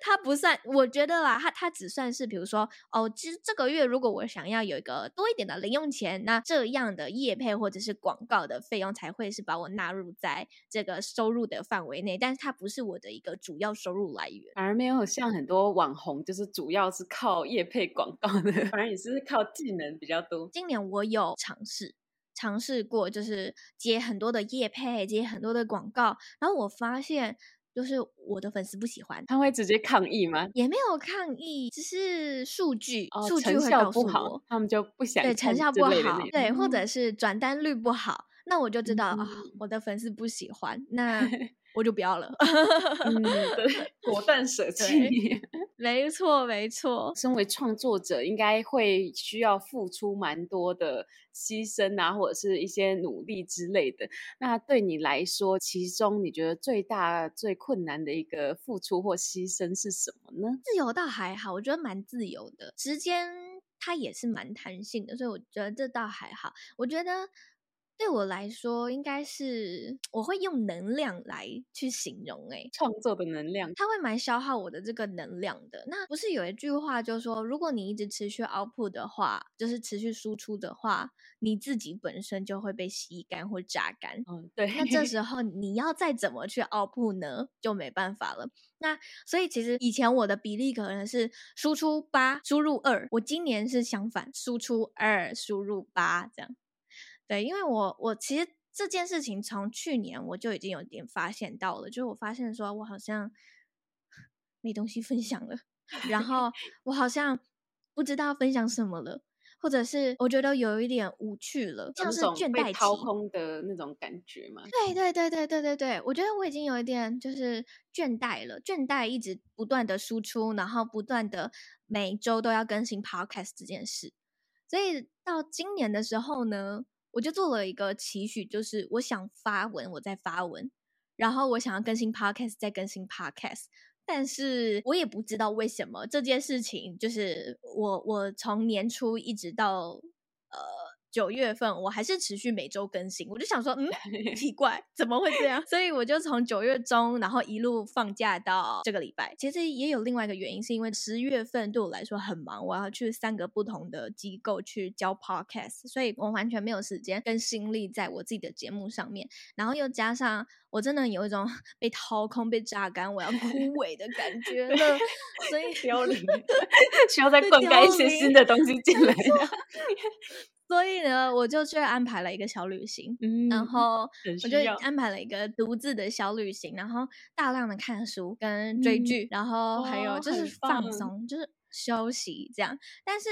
他不算，我覺得。的啦，它它只算是比如說哦，其實這個月如果我想要有一個多一點的零用錢，那這樣的業配或者是廣告的費用才會是把我納入在這個收入的範圍內，但是它不是我的一個主要收入來源。反而沒有像很多網紅，就是主要是靠業配廣告的，反正也是靠技能比較多。今年我有嘗試嘗試過，就是接很多的業配，接很多的廣告，然後我發現。就是我的粉絲不喜歡。他會直接抗議嗎？也沒有抗議，只是數據，哦、數據會告訴我，他們就不想。對，成效不好。嗯，對，或者是轉單率不好，那我就知道，嗯哦、我的粉絲不喜歡那。 [LAUGHS] 我就不要了。 [LAUGHS] 嗯，對，果斷捨棄。沒錯，沒錯。身為創作者，應該會需要付出蠻多的犧牲啊，或者是一些努力之類的。那對你來說，其中你覺得最大、最困難的一個付出或犧牲是什麼呢？自由倒還好，我覺得蠻自由的，時間它也是蠻彈性的，所以我覺得這倒還好。我覺得。對我來說，應該是我會用能量來去形容哎，創作的能量，它會蠻消耗我的這個能量的。那不是有一句話就是說，如果你一直持續 output 的話，就是持續輸出的話，你自己本身就會被吸乾或榨乾。嗯、哦，對。那這時候你要再怎麼去 output 呢？就沒辦法了。那所以其實以前我的比例可能是輸出八，輸入二。我今年是相反，輸出二，輸入八，這樣。對，因為我我其實這件事情從去年我就已經有點發現到了，就是我發現說我好像沒東西分享了，然後我好像不知道分享什麼了，或者是我覺得有一點無趣了，像是倦怠掏空的那種感覺嘛。對對對對對對對，我覺得我已經有一點就是倦怠了，倦怠一直不斷的輸出，然後不斷的每週都要更新 Podcast 這件事，所以到今年的時候呢。我就做了一個期許，就是我想發文，我再發文，然後我想要更新 podcast，再更新 podcast，但是我也不知道為什麼這件事情，就是我我從年初一直到呃。九月份我還是持續每周更新，我就想說，嗯，奇怪，怎麼會這樣？ [LAUGHS] 所以我就從九月中，然後一路放假到這個禮拜。其實也有另外一個原因，是因為十月份對我來說很忙，我要去三個不同的機構去教 podcast，所以我完全沒有時間跟心力在我自己的節目上面。然後又加上我真的有一種被掏空、被榨乾、我要枯萎的感覺了， [LAUGHS] 所以凋零。 [LAUGHS] [LAUGHS] [LAUGHS] 需要再灌溉一些新的東西進來。 [LAUGHS] [LAUGHS] [LAUGHS] 所以呢，我就去安排了一個小旅行，嗯，然後我就安排了一個獨自的小旅行，然後大量的看書跟追劇，嗯、然後還有就是放鬆，哦，就是放鬆，就是休息這樣。但是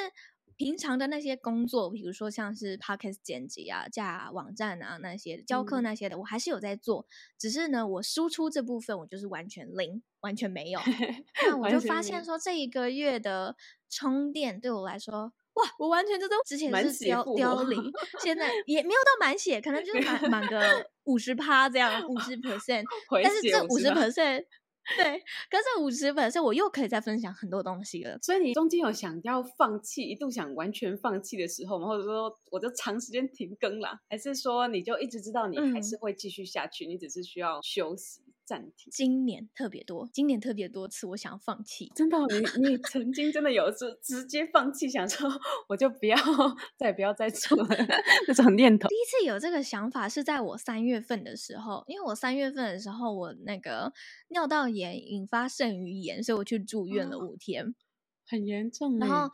平常的那些工作，比如說像是 Podcast 剪輯啊、架啊、網站啊那些教課那些的、嗯，我還是有在做。只是呢，我輸出這部分我就是完全零，完全沒有。 [LAUGHS] 那我就發現說，這一個月的充電對我來說。哇，我完全就都，之前是凋、啊、凋零，現在也沒有到滿血， [LAUGHS] 可能就是滿滿 [LAUGHS] 個五十趴這樣，五十 percent，但是這五十 percent，對，可是這五十 percent 我又可以再分享很多東西了。所以你中間有想要放棄，一度想完全放棄的時候嗎？或者說，我就長時間停更了，還是說你就一直知道你還是會繼續下去、嗯，你只是需要休息？暫停，今年特別多，今年特別多次，我想要放棄，真的。哦，你你曾經真的有一次 [LAUGHS] 直接放棄，想說我就不要，再也不不要再做了 [LAUGHS] 那種念頭。第一次有這個想法是在我三月份的時候，因為我三月份的時候我那個尿道炎引發腎盂炎，所以我去住院了五天，哦、很嚴重，然後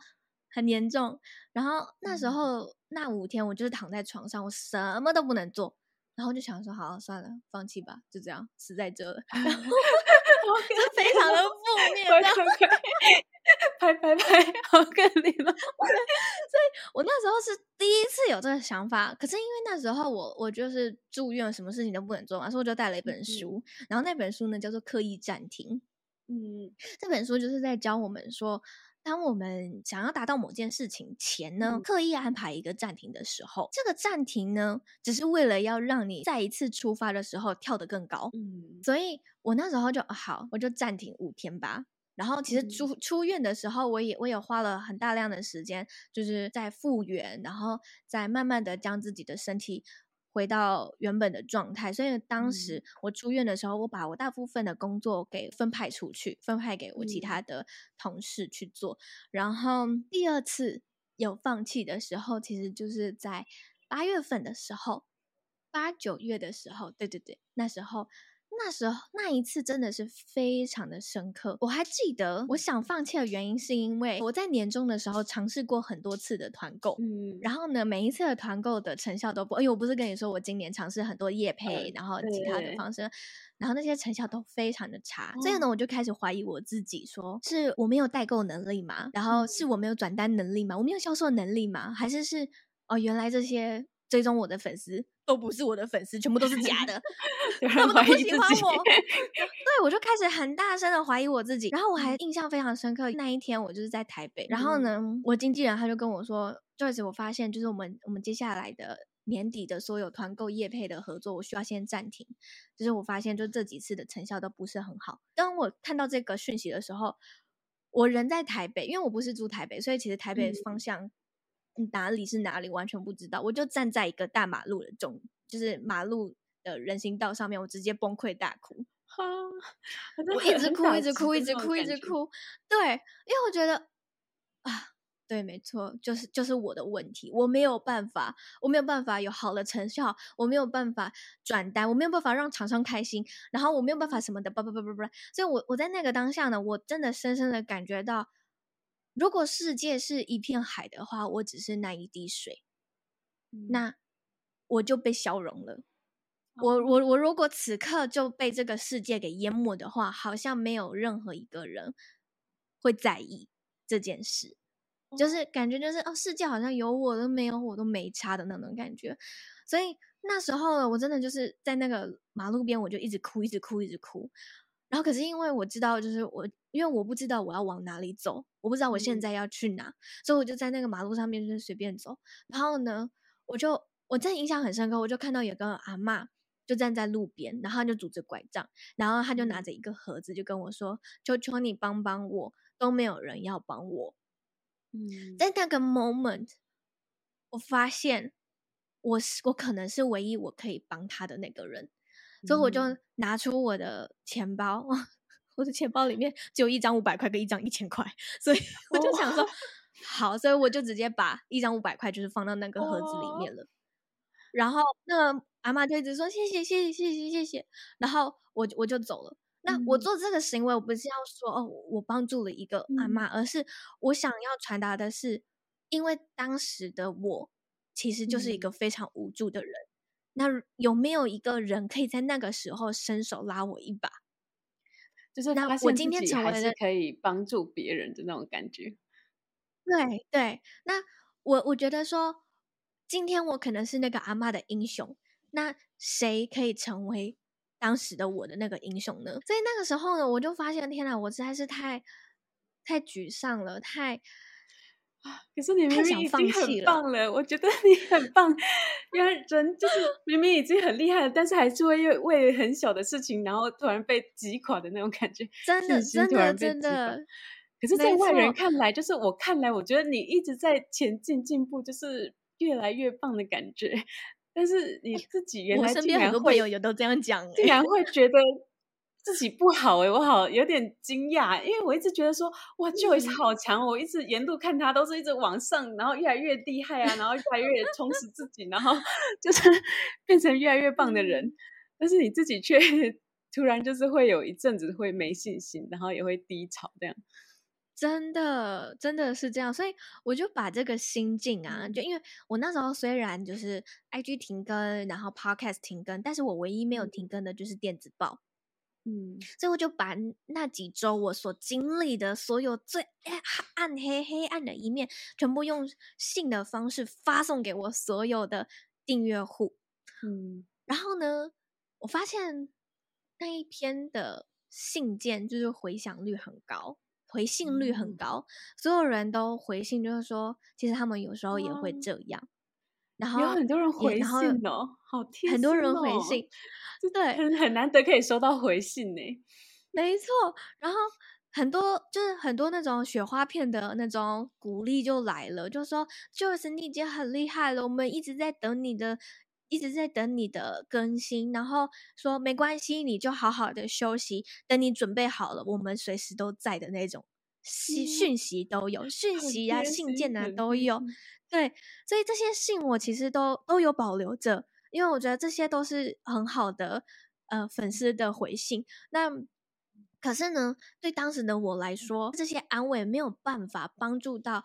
很嚴重，然後那時候那五天我就是躺在床上，我什麼都不能做。然後就想說，好，啊，算了，放棄吧，就這樣死在這了。 [LAUGHS] [LAUGHS] 我。就非常的負面，拍拍拍拍好可憐了。 [LAUGHS] 所以，我那時候是第一次有這個想法。可是因為那時候我我就是住院，什麼事情都不能做嘛，所以我就帶了一本書。嗯、然後那本書呢叫做《刻意暫停》嗯。嗯，這本書就是在教我們說。當我們想要達到某件事情前呢，嗯、刻意安排一個暫停的時候，嗯，這個暫停呢，只是為了要讓你再一次出發的時候跳得更高。嗯，所以我那時候就好，我就暫停五天吧。然後其實出、嗯、出院的時候，我也我也花了很大量的時間，就是在復原，然後再慢慢的將自己的身體。回到原本的狀態，所以當時我出院的時候，嗯，我把我大部分的工作給分派出去，分派給我其他的同事去做。嗯，然後第二次有放棄的時候，其實就是在八月份的時候，八九月的時候，對對對，那時候。那時候那一次真的是非常的深刻，我還記得，我想放棄的原因是因為我在年終的時候嘗試過很多次的團購，嗯，然後呢，每一次的團購的成效都不，因、哎、為我不是跟你說我今年嘗試很多業配，嗯，然後其他的方式，然後那些成效都非常的差，所、嗯、以呢，我就開始懷疑我自己說，說是我沒有代購能力嗎？然後是我沒有轉單能力嗎？我沒有銷售能力嗎？還是是哦，原來這些追蹤我的粉絲。都不是我的粉絲，全部都是假的， [LAUGHS] 人懷 [LAUGHS] 他們都不喜歡我。 [LAUGHS] [LAUGHS] 對，我就開始很大聲的懷疑我自己。然後我還印象非常深刻，那一天我就是在台北。嗯、然後呢，我經紀人他就跟我說，Joyce，我發現，就是我們我們接下來的年底的所有團購業配的合作，我需要先暫停。就是我發現，就這幾次的成效都不是很好。當我看到這個訊息的時候，我人在台北，因為我不是住台北，所以其實台北方向、嗯。哪裡是哪裡，完全不知道。我就站在一個大馬路的中，就是馬路的人行道上面，我直接崩潰大哭，哼、我一直哭，一直哭，一直哭，一直哭。對，因為我覺得啊，對，沒錯，就是就是我的問題，我沒有辦法，我沒有辦法有好的成效，我沒有辦法轉單，我沒有辦法讓廠商開心，然後我沒有辦法什麼的，不不不不叭。所以我我在那個當下呢，我真的深深的感覺到。如果世界是一片海的話，我只是那一滴水，那我就被消融了。我我我，我如果此刻就被這個世界給淹沒的話，好像沒有任何一個人會在意這件事，就是感覺就是哦，世界好像有我都沒有我都沒差的那種感覺。所以那時候呢，我真的就是在那個馬路邊，我就一直哭，一直哭，一直哭。然後可是因為我知道，就是我，因為我不知道我要往哪裡走，我不知道我現在要去哪，嗯、所以我就在那個馬路上面就隨便走。然後呢，我就我真的印象很深刻，我就看到有個阿嬤就站在路邊，然後他就拄着拐杖，然後他就拿着一個盒子，就跟我說：“求求你幫幫我，都沒有人要幫我。”嗯，在那個 moment，我發現我是我可能是唯一我可以幫他的那個人。所以我就拿出我的錢包，我的錢包裡面只有一張五百塊跟一張一千塊，所以我就想說好，所以我就直接把一張五百塊就是放到那個盒子裡面了。然後那阿嬤就一直說謝謝謝謝謝謝謝謝。然後我就我就走了。那我做這個行為，我不是要說哦，我幫助了一個阿嬤，而是我想要傳達的是，因為當時的我其實就是一個非常無助的人。那有沒有一個人可以在那個時候伸手拉我一把？就是那我今天成為了可以幫助別人的那種感覺。對對，那我我覺得說，今天我可能是那個阿嬤的英雄。那誰可以成為當時的我的那個英雄呢？所以那個時候呢，我就發現，天哪，我實在是太太沮喪了，太。可是你明明已經很棒了，了，我覺得你很棒， [LAUGHS] 因為人就是明明已經很厲害了，但是還是會因為很小的事情，然後突然被擊垮的那種感覺，真的突然被擊垮真的真的。可是在外人看來，就是我看來，我覺得你一直在前進進步，就是越來越棒的感覺。但是你自己原來，竟然會我身邊很多朋友都這樣講，欸，竟然會覺得。自己不好，欸、我好有點驚訝，因為我一直覺得說，哇，就一直好強，我一直沿路看他都是一直往上，然後越來越厲害啊，然後越來越充實自己， [LAUGHS] 然後就是變成越來越棒的人，嗯。但是你自己卻突然就是會有一陣子會沒信心，然後也會低潮這樣。真的，真的是這樣，所以我就把這個心境啊，就因為我那時候雖然就是 IG 停更，然後 Podcast 停更，但是我唯一沒有停更的就是電子報。嗯，最後就把那幾周我所經歷的所有最暗黑黑暗的一面，全部用信的方式發送給我所有的訂閱戶。嗯，然後呢，我發現那一篇的信件就是回響率很高，回信率很高，嗯、所有人都回信，就是說，其實他們有時候也會這樣。然後有很多人回信哦，好貼心，哦，很多人回信，對，很難得可以收到回信呢。沒錯，然後很多就是很多那種雪花片的那種鼓勵就來了，就說就是你已經很厲害了我，我們一直在等你的，一直在等你的更新。然後說沒關係，你就好好的休息，等你準備好了，我們隨時都在的那種信訊息都有，訊息呀，啊，信件啊都有。對，所以這些信我其實都都有保留着，因為我覺得這些都是很好的，呃，粉絲的回信。那可是呢，對當時的我來說，這些安慰沒有辦法幫助到。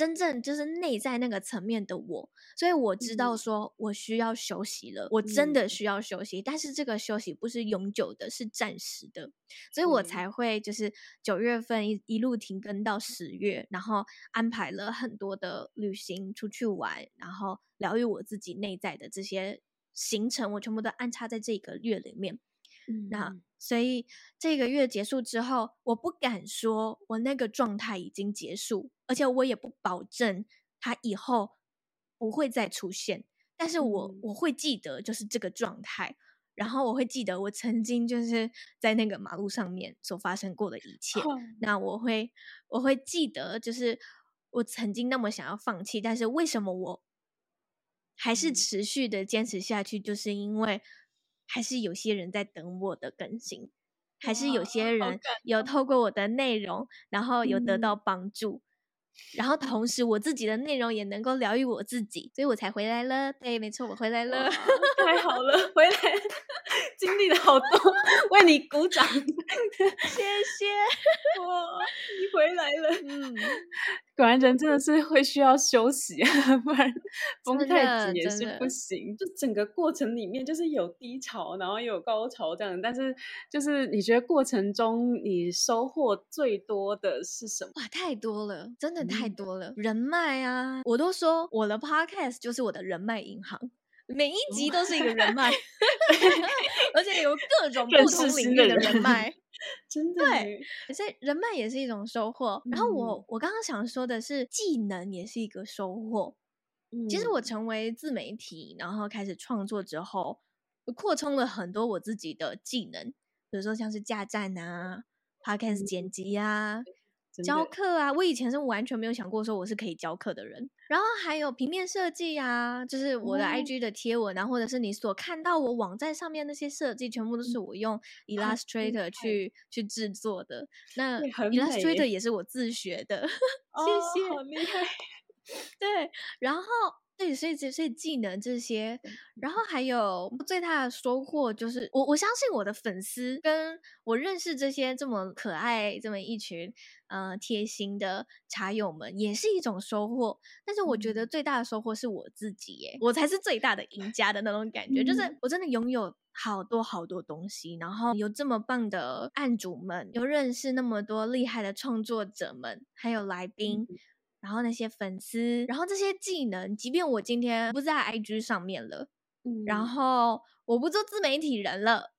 真正就是內在那個層面的我，所以我知道說我需要休息了，嗯、我真的需要休息、嗯。但是這個休息不是永久的，是暫時的，所以我才會就是九月份一、嗯、一路停更到十月，然後安排了很多的旅行出去玩，然後療癒我自己內在的這些行程，我全部都安插在這個月裡面。嗯、那所以這個月結束之後，我不敢說我那個狀態已經結束。而且我也不保證他以後不會再出現，但是我我會記得就是這個狀態，然後我會記得我曾經就是在那個馬路上面所發生過的一切。Oh. 那我會我會記得，就是我曾經那麼想要放棄，但是為什麼我還是持續的堅持下去？Oh. 就是因為還是有些人在等我的更新，還是有些人有透過我的內容，oh. 然後有得到幫助。然後同時，我自己的內容也能夠療癒我自己，所以我才回來了。對，沒錯，我回來了，太好了，回來經歷了好多，為你鼓掌，謝謝哇，你回來了，嗯。果然人真的是會需要休息啊，不然繃太緊也是不行。就整個過程裡面，就是有低潮，然後也有高潮這樣。但是，就是你覺得過程中你收穫最多的是什麼？哇，太多了，真的太多了，嗯、人脈啊！我都說我的 podcast 就是我的人脈銀行，每一集都是一個人脈，oh、 [LAUGHS] [LAUGHS] [LAUGHS] 而且有各種不同領域的人脈。 [LAUGHS] 真的，對，所以人脈也是一種收穫。嗯、然後我我剛剛想說的是，技能也是一個收穫、嗯。其實我成為自媒體，然後開始創作之後，擴充了很多我自己的技能，比如說像是架站吶、啊，Podcast 剪輯啊，教課啊，我以前是完全沒有想過說我是可以教課的人。然後還有平面設計呀、啊，就是我的 I G 的貼文，oh. 然後或者是你所看到我網站上面那些設計，全部都是我用 Illustrator、oh, 去去制作的。那 Illustrator 也是我自學的。 [LAUGHS] oh, 謝謝，好厲害。 [LAUGHS] 對，然後對，所以這些技能這些，然後還有最大的收穫就是，我我相信我的粉絲跟我認識這些這麼可愛這麼一群。呃，貼心的茶友們也是一種收穫，但是我覺得最大的收穫是我自己耶，嗯、我才是最大的贏家的那種感覺、嗯，就是我真的擁有好多好多東西，然後有這麼棒的案主們，有認識那麼多厲害的創作者們，還有來賓、嗯，然後那些粉絲，然後這些技能，即便我今天不在 IG 上面了，嗯，然後我不做自媒體人了，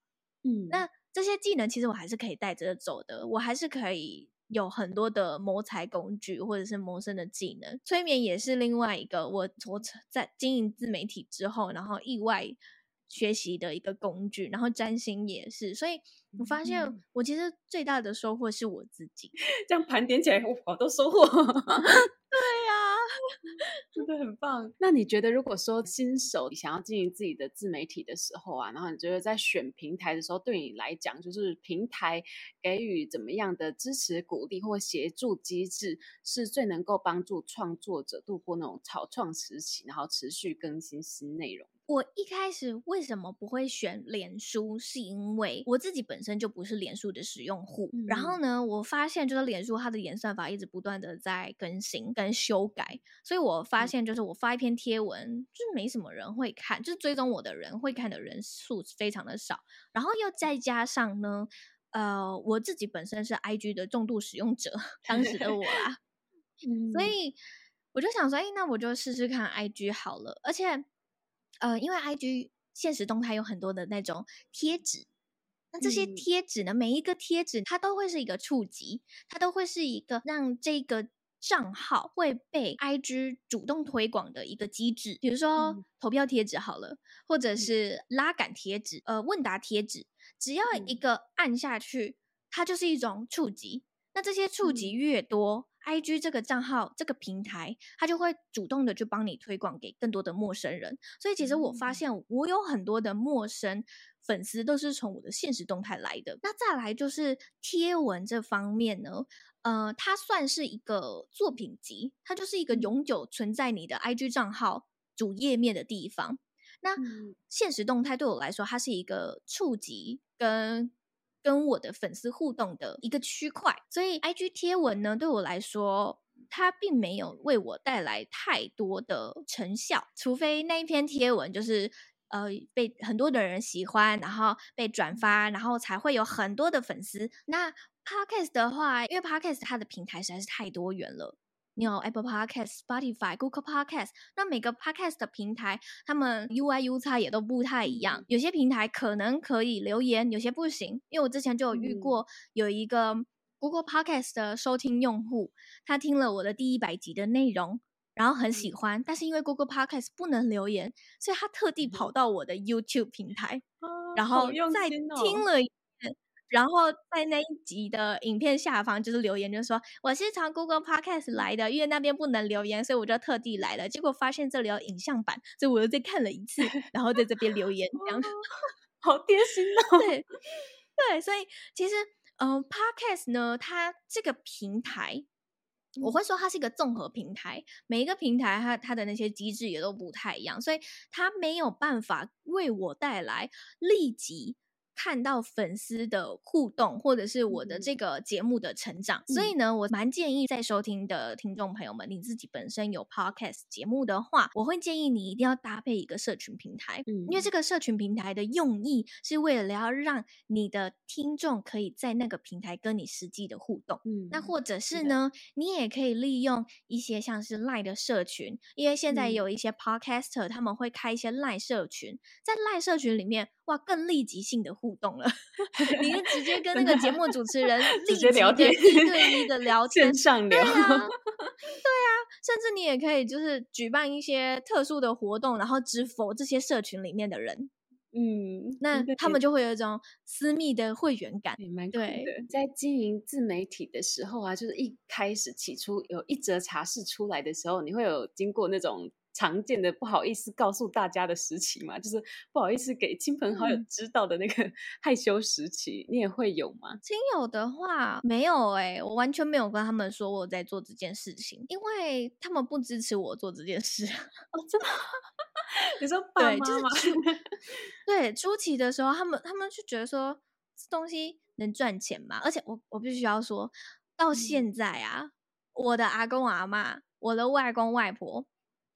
嗯，那這些技能其實我還是可以帶着走的，我還是可以。有很多的謀財工具或者是謀生的技能，催眠也是另外一個，我從在經營自媒體之後，然後意外學習的一個工具，然後占星也是，所以。我發現我其實最大的收穫是我自己，嗯、這樣盤點起來我好多收穫。 [LAUGHS] 對呀、啊，真的很棒。那你覺得，如果說新手你想要經營自己的自媒體的時候啊，然後你覺得在選平台的時候，對你來講，就是平台給予怎麼樣的支持、鼓勵或協助機制，是最能夠幫助創作者度過那種草創時期，然後持續更新新內容？我一開始為什麼不會選臉書，是因為我自己本身本身就不是臉書的使用戶，嗯，然後呢，我發現就是臉書它的演算法一直不斷的在更新跟修改，所以我發現就是我發一篇貼文，嗯，就是沒什麼人會看，就是追蹤我的人會看的人數非常的少，然後又再加上呢，呃，我自己本身是 IG 的重度使用者，當時的我啊， [LAUGHS] 所以我就想說，哎，那我就試試看 IG 好了，而且，呃，因為 IG 限時動態有很多的那種貼紙。那這些貼紙呢、嗯，每一個貼紙，它都會是一個觸及，它都會是一個讓這個賬號會被 IG 主動推廣的一個機制。比如說投票貼紙好了，或者是拉桿貼紙、呃，問答貼紙，只要一個按下去，嗯、它就是一種觸及。那這些觸及越多，嗯 IG 這個賬號這個平台，它就會主動的去幫你推廣給更多的陌生人。所以其實我發現，我有很多的陌生粉絲都是從我的限時動態來的。那再來就是貼文這方面呢，呃，它算是一個作品集，它就是一個永久存在你的 IG 賬號主頁面的地方。那限時動態對我來說，它是一個觸及跟。跟我的粉絲互動的一個區塊，所以 IG 貼文呢，對我來說，它並沒有為我帶來太多的成效，除非那一篇貼文就是，呃，被很多的人喜歡，然後被轉發，然後才會有很多的粉絲。那 Podcast 的話，因為 Podcast 它的平台實在是太多元了。你有 Apple Podcast、Spotify、Google Podcast，那每個 Podcast 的平台，他們 UI、UX 也都不太一樣。有些平台可能可以留言，有些不行。因為我之前就有遇過，有一個 Google Podcast 的收聽用戶，他聽了我的第一百集的內容，然後很喜歡，但是因為 Google Podcast 不能留言，所以他特地跑到我的 YouTube 平台，然後再聽了。啊然後在那一集的影片下方就是留言，就說我是從 Google Podcast 來的，因為那邊不能留言，所以我就特地來了。結果發現這裡有影像版，所以我又再看了一次， [LAUGHS] 然後在這邊留言， [LAUGHS] 這樣子好貼心哦。 [LAUGHS] [LAUGHS] [LAUGHS] [LAUGHS] [LAUGHS] [LAUGHS] [LAUGHS] 對對，所以其實嗯、呃、Podcast 呢，它這個平台，嗯、我會說它是一個綜合平台，每一個平台它它的那些機制也都不太一樣，所以它沒有辦法為我帶來立即。看到粉絲的互動，或者是我的這個節目的成長。嗯，所以呢，我蠻建議在收聽的聽眾朋友們，你自己本身有 podcast 節目的話，我會建議你一定要搭配一個社群平台，嗯，因為這個社群平台的用意是為了要讓你的聽眾可以在那個平台跟你實際的互動，嗯，那或者是呢，你也可以利用一些像是賴的社群，因為現在有一些 podcaster 他們會開一些賴社群，在賴社群裡面，哇，更立即性的互動了，你就直接跟那個節目主持人直接聊天，一對一的聊天，線上聊。對啊，對啊、對啊、甚至你也可以就是舉辦一些特殊的活動，然後支付這些社群裡面的人，嗯，那他們就會有一種私密的會員感、嗯，蠻對，對的。在經營自媒體的時候啊，就是一開始起初有一則茶室出來的時候，你會有經過那種。常見的不好意思告訴大家的時期嘛，就是不好意思給親朋好友知道的那個害羞時期，嗯、你也會有嗎？親友的話沒有哎、欸，我完全沒有跟他們說我在做這件事情，因為他們不支持我做這件事。哦、真的？ [LAUGHS] 你說爸媽嗎？對，就是、 [LAUGHS] 對，初期的時候他們他們就覺得說這東西能賺錢嘛，而且我我必須要說，到現在啊，嗯、我的阿公阿媽，我的外公外婆。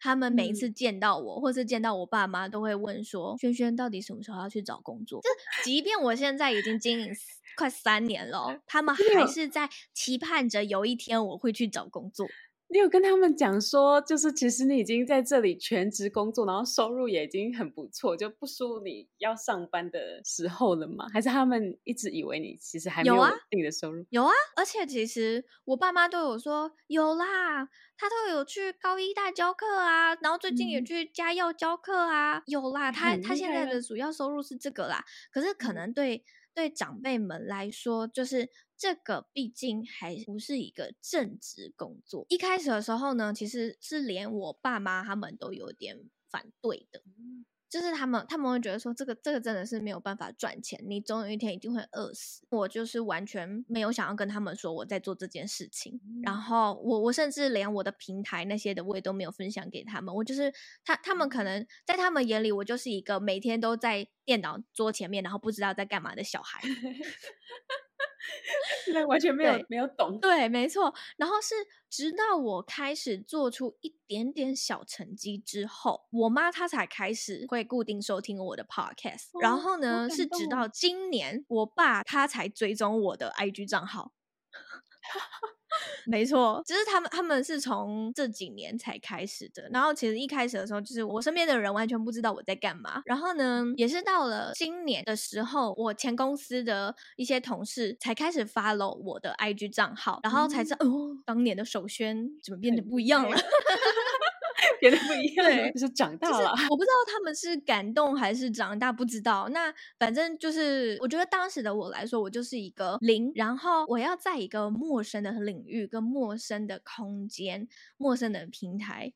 他們每一次見到我，嗯，或是見到我爸媽，都會問說：“萱萱到底什麼時候要去找工作？”就即便我現在已經經營快三年了， [LAUGHS] 他們還是在期盼着有一天我會去找工作。你有跟他們講說，就是其實你已經在這裡全職工作，然後收入也已經很不錯，就不輸你要上班的時候了嗎？還是他們一直以為你其實還沒有定的收入？有啊，有啊，而且其實我爸媽都有說，有啦，他都有去高醫大教課啊，然後最近也去嘉藥教課啊、嗯，有啦，他他現在的主要收入是這個啦。可是可能對。對長輩們來說，就是這個，畢竟還不是一個正職工作。一開始的時候呢，其實是連我爸媽他們都有點反對的。就是他們，他們會覺得說這個這個真的是沒有辦法賺錢，你總有一天一定會餓死。我就是完全沒有想要跟他們說我在做這件事情，嗯、然後我我甚至連我的平台那些的我也都沒有分享給他們。我就是他他們可能在他們眼裡，我就是一個每天都在電腦桌前面，然後不知道在幹嘛的小孩。 [LAUGHS] [LAUGHS] 現在完全沒有沒有懂，對，沒錯。然後是直到我開始做出一點點小成績之後，我媽她才開始會固定收聽我的 podcast，哦。然後呢，是直到今年，我爸他才追蹤我的 IG 賬號。 [LAUGHS] 沒錯，只是他們他們是從這幾年才開始的。然後其實一開始的時候，就是我身邊的人完全不知道我在幹嘛。然後呢，也是到了今年的時候，我前公司的一些同事才開始 follow 我的 IG 賬號，然後才知道，嗯，哦，當年的首宣怎麼變得不一樣了，哎。 [LAUGHS] 變得不一樣，就是長大了。我不知道他們是感動還是長大，不知道。那反正就是，我覺得當時的我來說，我就是一個零，然後我要在一個陌生的領域、跟陌生的空間、陌生的平台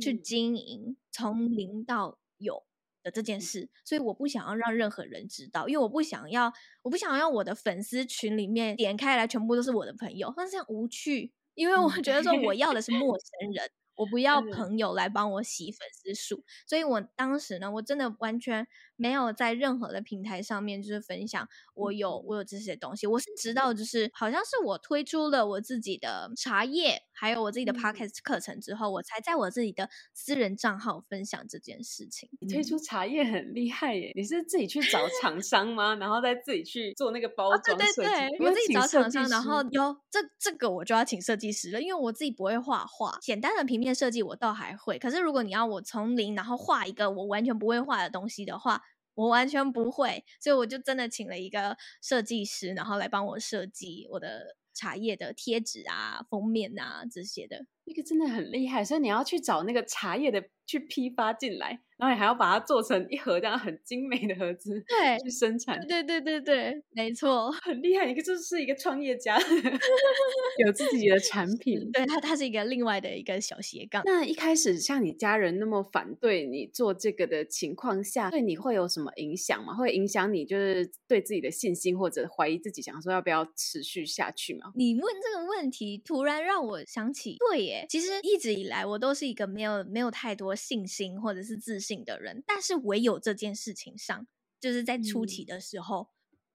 去經營，嗯，從零到有的這件事，嗯。所以我不想要讓任何人知道，因為我不想要，我不想要我的粉絲群裡面點開來全部都是我的朋友，那這樣無趣。因為我覺得說，我要的是陌生人。嗯 [LAUGHS] 我不要朋友來幫我洗粉絲數、嗯，所以我當時呢，我真的完全沒有在任何的平台上面就是分享我有、嗯、我有這些東西。我是直到就是好像是我推出了我自己的茶葉，還有我自己的 Podcast 課程之後、嗯，我才在我自己的私人賬號分享這件事情。嗯、你推出茶葉很厲害耶！你是自己去找廠商嗎？ [LAUGHS] 然後再自己去做那個包裝設計。啊？對對對，我自己找廠商，然後有這這個我就要請設計師了，因為我自己不會畫畫，簡單的平面。設計我倒還會，可是如果你要我從零然後畫一個我完全不會畫的東西的話，我完全不會，所以我就真的請了一個設計師，然後來幫我設計我的茶葉的貼紙啊、封面啊這些的。那、這個真的很厲害，所以你要去找那個茶葉的。去批發進來，然後你還要把它做成一盒這樣很精美的盒子，對，去生產，對對對對，沒錯，很厲害，一個就是一個創業家， [LAUGHS] 有自己的產品，對，他，他是一個另外的一個小斜槓。那一開始像你家人那麼反對你做這個的情況下，對你會有什麼影響嗎？會影響你就是對自己的信心或者懷疑自己，想說要不要持續下去嗎？你問這個問題，突然讓我想起，對耶，其實一直以來我都是一個沒有沒有太多。信心或者是自信的人，但是唯有這件事情上，就是在初期的時候，嗯、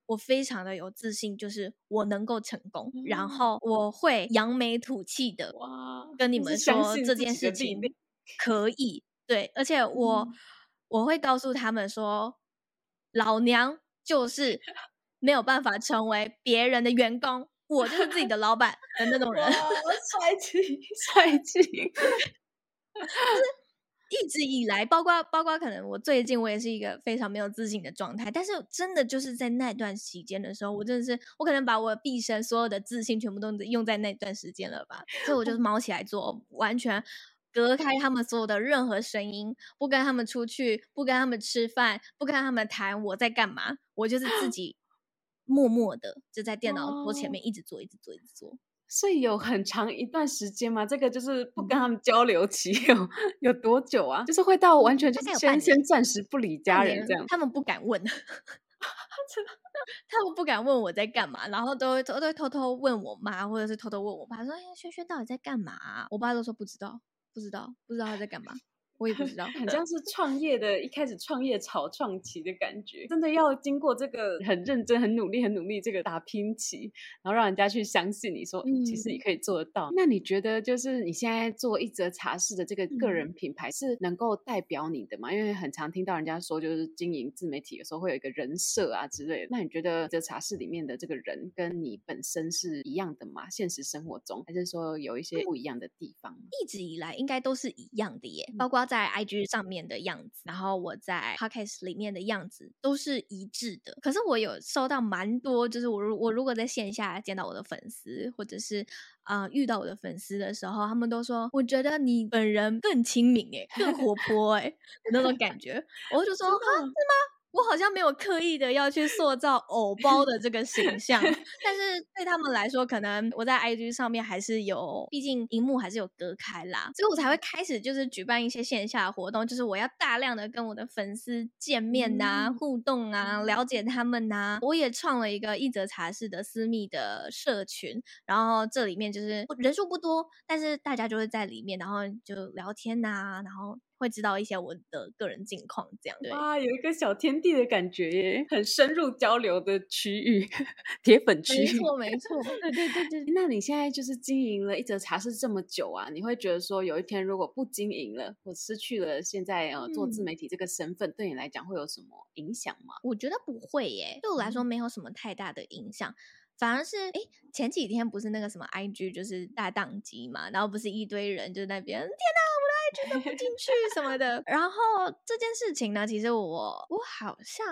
我非常的有自信，就是我能夠成功，嗯、然後我會揚眉吐氣的跟你們說這件事情可以。對，而且我、嗯、我會告訴他們說，老娘就是沒有辦法成為別人的員工，我就是自己的老板的那種人，我帥氣，帥氣，就 [LAUGHS] 一直以來，包括包括可能我最近我也是一個非常沒有自信的狀態。但是真的就是在那段時間的時候，我真的是我可能把我畢生所有的自信全部都用在那段時間了吧。所以我就是卯起來做，完全隔開他們所有的任何聲音，不跟他們出去，不跟他們吃飯，不跟他們談我在幹嘛，我就是自己默默的就在電腦桌前面一直做，oh. 一直做，一直做。所以有很長一段時間嘛，這個就是不跟他們交流期，有有多久啊？就是會到完全就是先先暫時不理家人這樣，他們不敢問， [LAUGHS] 他們不敢問我在幹嘛，然後都都都偷偷問我媽，或者是偷偷問我爸說、哎：“萱萱到底在幹嘛？”我爸都說不知道，不知道，不知道她在幹嘛。 [LAUGHS] 我也不知道， [LAUGHS] 很像是創業的 [LAUGHS] 一開始創業草創期的感覺，真的要經過這個很認真、很努力、很努力這個打拼期，然後讓人家去相信你說，嗯，其實你可以做得到。那你覺得，就是你現在做一則茶室的這個個人品牌，是能夠代表你的嗎、嗯？因為很常聽到人家說，就是經營自媒體的時候會有一個人設啊之類的。那你覺得一則茶室裡面的這個人跟你本身是一樣的嗎？現實生活中，還是說有一些不一樣的地方嗎？一直以來應該都是一樣的耶，包括。在 IG 上面的樣子，然後我在 Podcast 裡面的樣子都是一致的。可是我有收到蠻多，就是我我如果在線下見到我的粉絲，或者是啊、呃、遇到我的粉絲的時候，他們都說我覺得你本人更親民誒，更活潑誒、欸， [LAUGHS] 那種感覺。我就說、哦、啊，是嗎？我好像沒有刻意的要去塑造偶包的這個形象， [LAUGHS] 但是對他們來說，可能我在 IG 上面還是有，畢竟螢幕還是有隔開啦，所以我才會開始就是舉辦一些線下的活動，就是我要大量的跟我的粉絲見面吶、啊嗯、互動啊、了解他們吶、啊。我也創了一個一則茶室的私密的社群，然後這裡面就是人數不多，但是大家就會在裡面，然後就聊天吶、啊，然後。會知道一些我的個人近況，這樣啊，有一個小天地的感覺耶，很深入交流的區域，鐵粉區域，沒錯，沒錯， [LAUGHS] 對對對對。 [LAUGHS] 那你現在就是經營了一則茶室這麼久啊，你會覺得說有一天如果不經營了，我失去了現在做自媒體這個身份，嗯、對你來講會有什麼影響嗎？我覺得不會耶，對我來說沒有什麼太大的影響。反而是，哎，前幾天不是那個什麼 IG 就是大宕機嘛，然後不是一堆人就在那邊，天哪，我的 IG 都不進去什麼的。 [LAUGHS] 然後這件事情呢，其實我我好像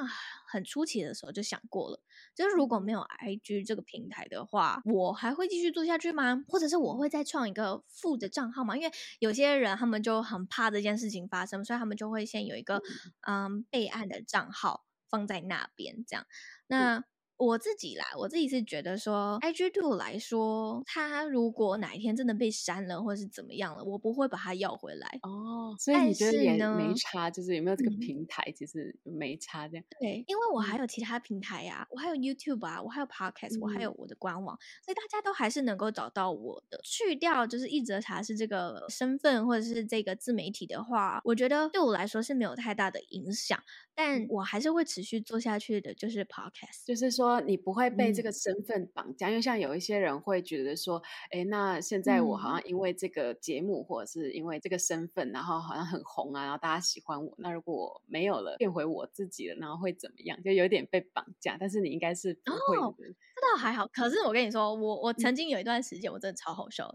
很初期的時候就想過了，就是如果沒有 IG 這個平台的話，我還會繼續做下去嗎？或者是我會再創一個副的賬號嗎？因為有些人他們就很怕這件事情發生，所以他們就會先有一個嗯，嗯備案的賬號放在那邊這樣。那，嗯我自己啦，我自己是覺得說，IG 對我來說，他如果哪一天真的被刪了，或是怎麼樣了，我不會把它要回來。哦，所以你覺得也沒差，是就是有沒有這個平台，嗯，其實沒差這樣。對，因為我還有其他平台呀，啊嗯，我還有 YouTube 啊，我還有 Podcast，嗯、我還有我的官網，所以大家都還是能夠找到我的。去掉就是一則茶室這個身份或者是這個自媒體的話，我覺得對我來說是沒有太大的影響。但我還是會持續做下去的，就是 podcast。就是說，你不會被這個身份綁架、嗯，因為像有一些人會覺得說，哎、欸，那現在我好像因為這個節目、嗯、或者是因為這個身份，然後好像很紅啊，然後大家喜歡我，那如果我沒有了，變回我自己了，然後會怎麼樣？就有點被綁架。但是你應該是不會哦，這倒還好。可是我跟你說，我我曾經有一段時間、嗯，我真的超好笑，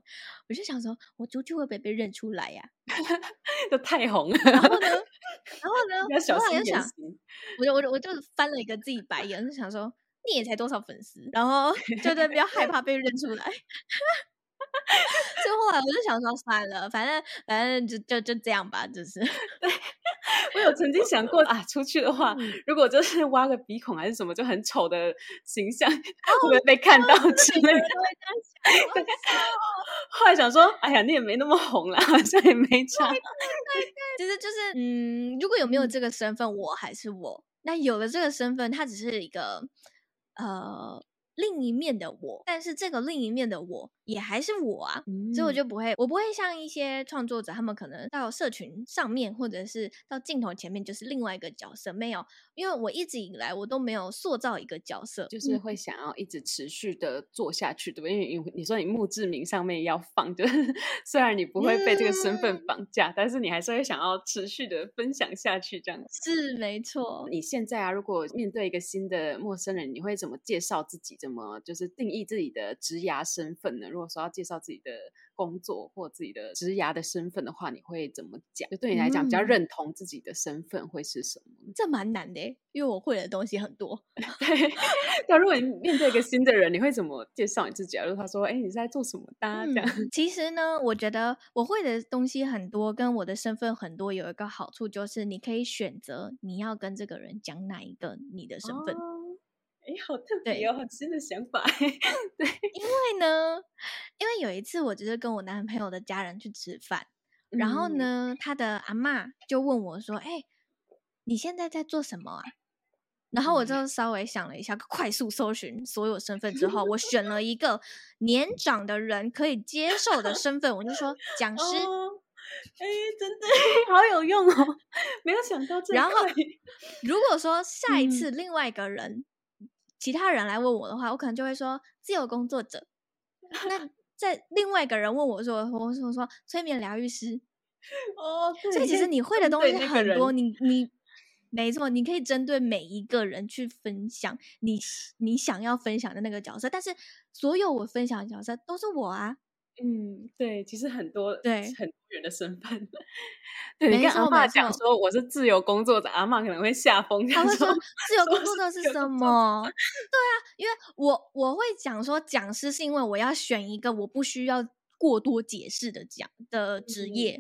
我就想說，我出去會不會被認出來呀、啊？ [LAUGHS] 都太紅了。然後呢？然後呢？要小心點。我就我就我就翻了一個自己白眼，就想說，你也才多少粉絲，然後就在比較害怕被認出來，最 [LAUGHS] [LAUGHS] 後啊，我就想說算了，反正反正就就就這樣吧，就是。 [LAUGHS] 我有曾經想過啊，出去的話，如果就是挖個鼻孔還是什麼，就很醜的形象、哦、會不會被看到之類的、 [LAUGHS] 哦。後來想說， [LAUGHS] 哎呀，你也沒那麼紅啦，好像也沒差。對、對、其實就是嗯，如果有沒有這個身份，嗯、我還是我。那有了這個身份，它只是一個呃另一面的我，但是這個另一面的我，也還是我啊、嗯，所以我就不會，我不會像一些創作者，他們可能到社群上面，或者是到鏡頭前面，就是另外一個角色，沒有，因為我一直以來我都沒有塑造一個角色，就是會想要一直持續的做下去，嗯、對不對？因為你說你墓誌銘上面要放，就是雖然你不會被這個身份綁架、嗯，但是你還是會想要持續的分享下去，這樣子是沒錯。你現在啊，如果面對一個新的陌生人，你會怎麼介紹自己？怎麼就是定義自己的職涯身份呢？如果說要介紹自己的工作或自己的職涯的身份的話，你會怎麼講？就對你來講比較認同自己的身份會是什麼？嗯、這蠻難的，因為我會的東西很多。 [LAUGHS] 對，那如果你面對一個新的人，你會怎麼介紹你自己、啊？如、就、果、是、他說：“哎、欸，你是在做什麼的？”這樣、嗯、其實呢，我覺得我會的東西很多，跟我的身份很多有一個好處，就是你可以選擇你要跟這個人講哪一個你的身份。哦哎，好特別、哦，有很新的想法。對，因為呢，因為有一次，我就是跟我男朋友的家人去吃飯，嗯、然後呢，他的阿嬤就問我說：“哎，你現在在做什麼啊？”然後我就稍微想了一下，嗯、快速搜尋所有身份之後， [LAUGHS] 我選了一個年長的人可以接受的身份， [LAUGHS] 我就說：“講師。”哦哎，真的好有用哦！沒有想到，這。然後如果說下一次另外一個人。嗯其他人來問我的話，我可能就會說自由工作者。那在另外一個人問我說：“我說我說催眠療癒師。”哦，對，所以其實你會的東西很多。你你沒錯，你可以針對每一個人去分享你你想要分享的那個角色，但是所有我分享的角色都是我啊。嗯，對，其實很多對很多人的身份，對，你跟阿爸講說我是自由工作者，阿媽可能會嚇瘋，他說、啊、說自由說自由工作者是什麼？對啊，因為我我會講說講師是因為我要選一個我不需要過多解釋的講、嗯、的職業。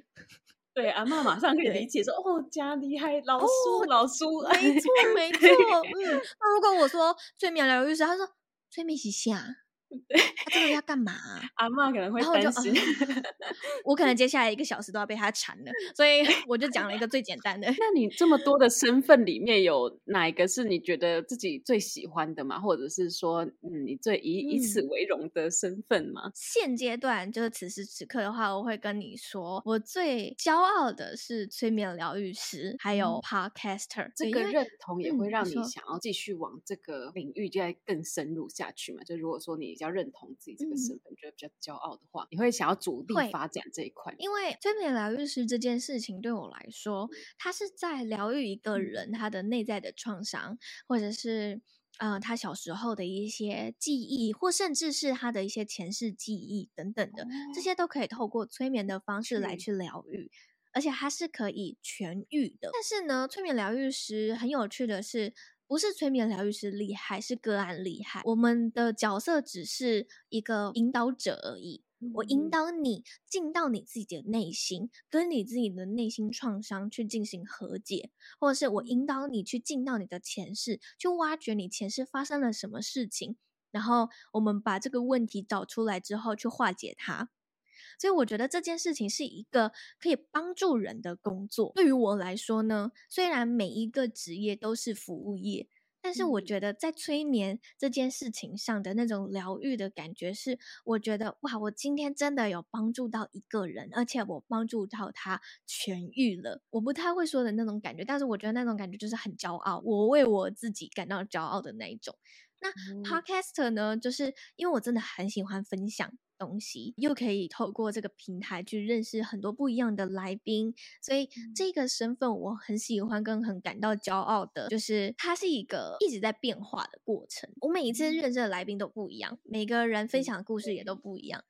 對，阿媽馬上可以理解說哦，家厲害，老蘇、哦、老蘇，沒錯沒錯，嗯。那、啊、如果我說催眠療癒師，他說催眠是啥？這個要幹嘛、啊？阿媽可能會擔心我。 [LAUGHS] [LAUGHS] 我可能接下來一個小時都要被他纏了，所以我就講了一個最簡單的。 [LAUGHS] 那你這麼多的身份裡面有哪一個是你覺得自己最喜歡的嗎？或者是說，嗯，你最以以此為榮的身份嗎、嗯？現階段就是此時此刻的話，我會跟你說，我最驕傲的是催眠療癒師、嗯，還有 Podcaster。這個認同也會讓你想要繼續往這個領域再更深入下去嘛？嗯嗯、去嘛就如果說你。比較認同自己這個身份、嗯，覺得比較驕傲的話，你會想要主力發展這一塊。因為催眠療癒師這件事情，對我來說，他、嗯、是在療癒一個人、嗯、他的內在的創傷，或者是呃他小時候的一些記憶，或甚至是他的一些前世記憶等等的，嗯、這些都可以透過催眠的方式來去療癒、嗯，而且它是可以痊癒的。但是呢，催眠療癒師很有趣的是。不是催眠療癒師厲害，是個案厲害。我們的角色只是一個引導者而已。我引導你進到你自己的內心，跟你自己的內心創傷去進行和解，或者是我引導你去進到你的前世，去挖掘你前世發生了什麼事情，然後我們把這個問題找出來之後去化解它。所以我覺得這件事情是一個可以幫助人的工作。對於我來說呢，雖然每一個職業都是服務業，但是我覺得在催眠這件事情上的那種療癒的感覺是，是我覺得哇，我今天真的有幫助到一個人，而且我幫助到他痊癒了。我不太會說的那種感覺，但是我覺得那種感覺就是很驕傲，我為我自己感到驕傲的那一種。那 Podcaster 呢，就是因為我真的很喜歡分享東西，又可以透過這個平台去認識很多不一樣的來賓，所以這個身份我很喜歡，跟很感到驕傲的，就是它是一個一直在變化的過程。我每一次認識的來賓都不一樣，每個人分享的故事也都不一樣，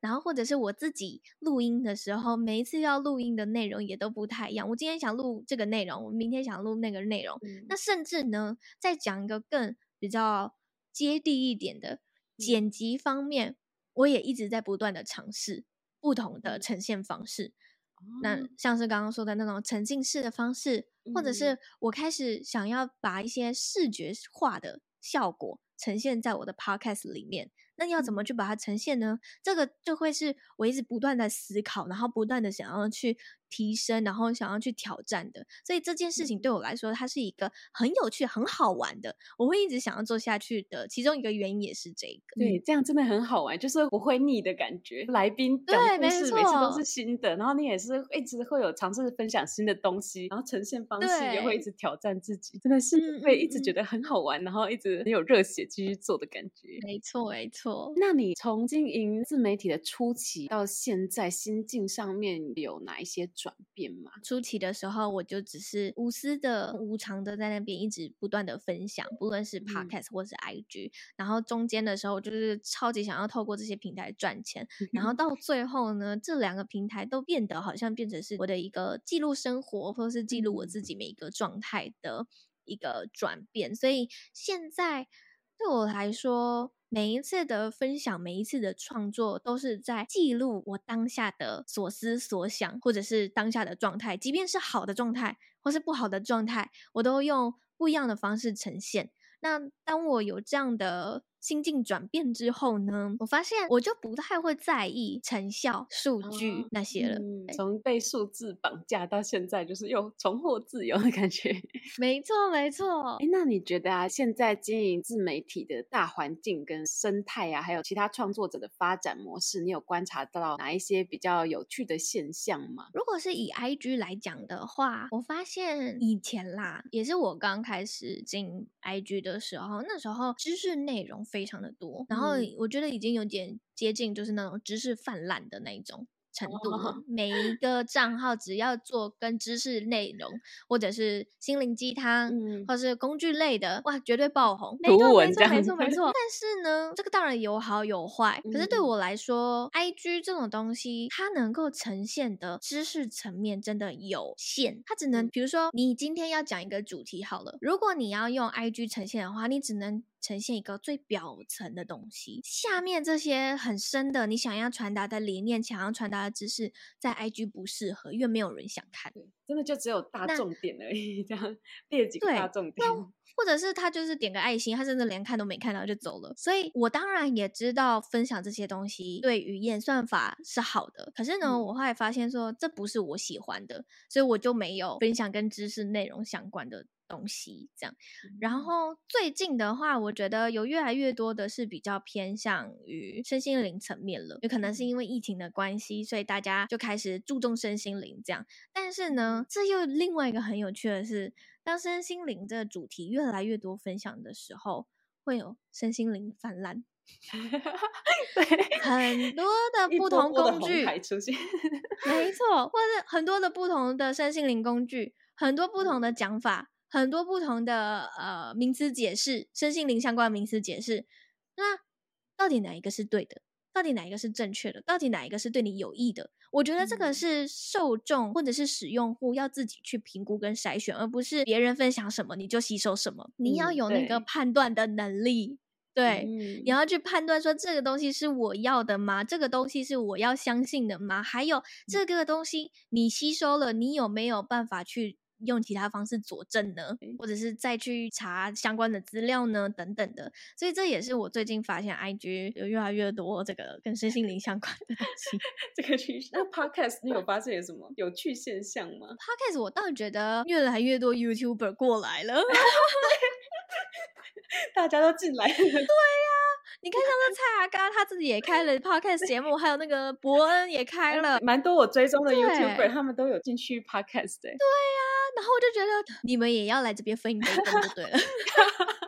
然後或者是我自己錄音的時候，每一次要錄音的內容也都不太一樣。我今天想錄這個內容，我明天想錄那個內容，那甚至呢，再講一個更。比較接地一點的剪輯方面、嗯，我也一直在不斷的嘗試不同的呈現方式。嗯、那像是剛剛說的那種沉浸式的方式、嗯，或者是我開始想要把一些視覺化的效果呈現在我的 podcast 裡面。那你要怎麼去把它呈現呢？嗯、這個就會是我一直不斷在思考，然後不斷的想要去。提升，然後想要去挑戰的，所以這件事情對我來說，它是一個很有趣、很好玩的，我會一直想要做下去的。其中一個原因也是這個。對，這樣真的很好玩，就是我會膩的感覺。來賓講故事，每次都是新的，然後你也是一直會有嘗試分享新的東西，然後呈現方式也會一直挑戰自己，真的是會一直覺得很好玩，嗯、然後一直很有熱血繼續做的感覺。沒錯，沒錯。那你從經營自媒體的初期到現在，心境上面有哪一些轉變嘛，初期的時候我就只是無私的、無償的在那邊一直不斷的分享，不論是 Podcast 或是 IG，、嗯、然後中間的時候我就是超級想要透過這些平台賺錢，然後到最後呢， [LAUGHS] 這兩個平台都變得好像變成是我的一個記錄生活或者是記錄我自己每一個狀態的一個轉變，所以現在對我來說。每一次的分享，每一次的創作，都是在記錄我當下的所思所想，或者是當下的狀態，即便是好的狀態，或是不好的狀態，我都用不一樣的方式呈現。那當我有這樣的，心境轉變之後呢，我發現我就不太會在意成效、數據那些了。哦，嗯，從被數字綁架到現在，就是又重獲自由的感覺。沒錯，沒錯。哎、欸，那你覺得啊，現在經營自媒體的大環境跟生態啊，還有其他創作者的發展模式，你有觀察到哪一些比較有趣的現象嗎？如果是以 IG 來講的話，我發現以前啦，也是我剛開始進 IG 的時候，那時候知識內容。非常的多，然後我覺得已經有點接近，就是那種知識泛濫的那一種程度，哦。每一個賬號只要做跟知識內容，或者是心靈雞湯，嗯、或是工具類的，哇，絕對爆紅。文沒錯，沒錯，沒錯，沒錯。 [LAUGHS] 但是呢，這個當然有好有壞。嗯、可是對我來說，IG 這種東西，它能夠呈現的知識層面真的有限，它只能、嗯、比如說，你今天要講一個主題好了，如果你要用 IG 呈現的話，你只能。呈現一個最表層的東西，下面這些很深的你想要傳達的理念、想要傳達的知識，在 IG 不適合，因為沒有人想看。對，真的就只有大重點而已，這樣列幾個大重點。或者是他就是點個愛心，他甚至連看都沒看到就走了。所以我當然也知道分享這些東西對於演算法是好的。可是呢，我後來發現說這不是我喜歡的，所以我就沒有分享跟知識內容相關的東西。這樣，然後最近的話，我覺得有越來越多的是比較偏向於身心靈層面了。有可能是因為疫情的關係，所以大家就開始注重身心靈。這樣，但是呢，這又另外一個很有趣的是。當身心靈的主題越來越多分享的時候，會有身心靈氾濫， [LAUGHS] 對，很多的不同工具波波 [LAUGHS] 沒錯，或是很多的不同的身心靈工具，很多不同的講法，很多不同的呃名詞解釋，身心靈相關的名詞解釋，那到底哪一個是對的？到底哪一個是正確的？到底哪一個是對你有益的？我覺得這個是受眾或者是使用戶要自己去評估跟篩選，而不是別人分享什麼你就吸收什麼。嗯、你要有那個判斷的能力，對，對、嗯，你要去判斷說這個東西是我要的嗎？這個東西是我要相信的嗎？還有這個東西你吸收了，你有沒有辦法去？用其他方式佐證呢，或者是再去查相關的資料呢，等等的。所以這也是我最近發現，IG 有越來越多這個跟身心靈相關的東西。 [LAUGHS] 這個趨勢。那 Podcast，你有發現什麼有趣現象嗎？Podcast，我倒是覺得越來越多 YouTuber 過來了。 [LAUGHS] [LAUGHS] 大家都進來。 [LAUGHS] 對呀、啊，你看像那蔡阿嘎他自己也開了 podcast 節目， [LAUGHS] 還有那個博恩也開了，蠻多我追蹤的 YouTuber 他們都有進去 podcast 耶，對呀、啊，然後我就覺得你們也要來這邊分一杯羹，就對了。 [LAUGHS] [LAUGHS]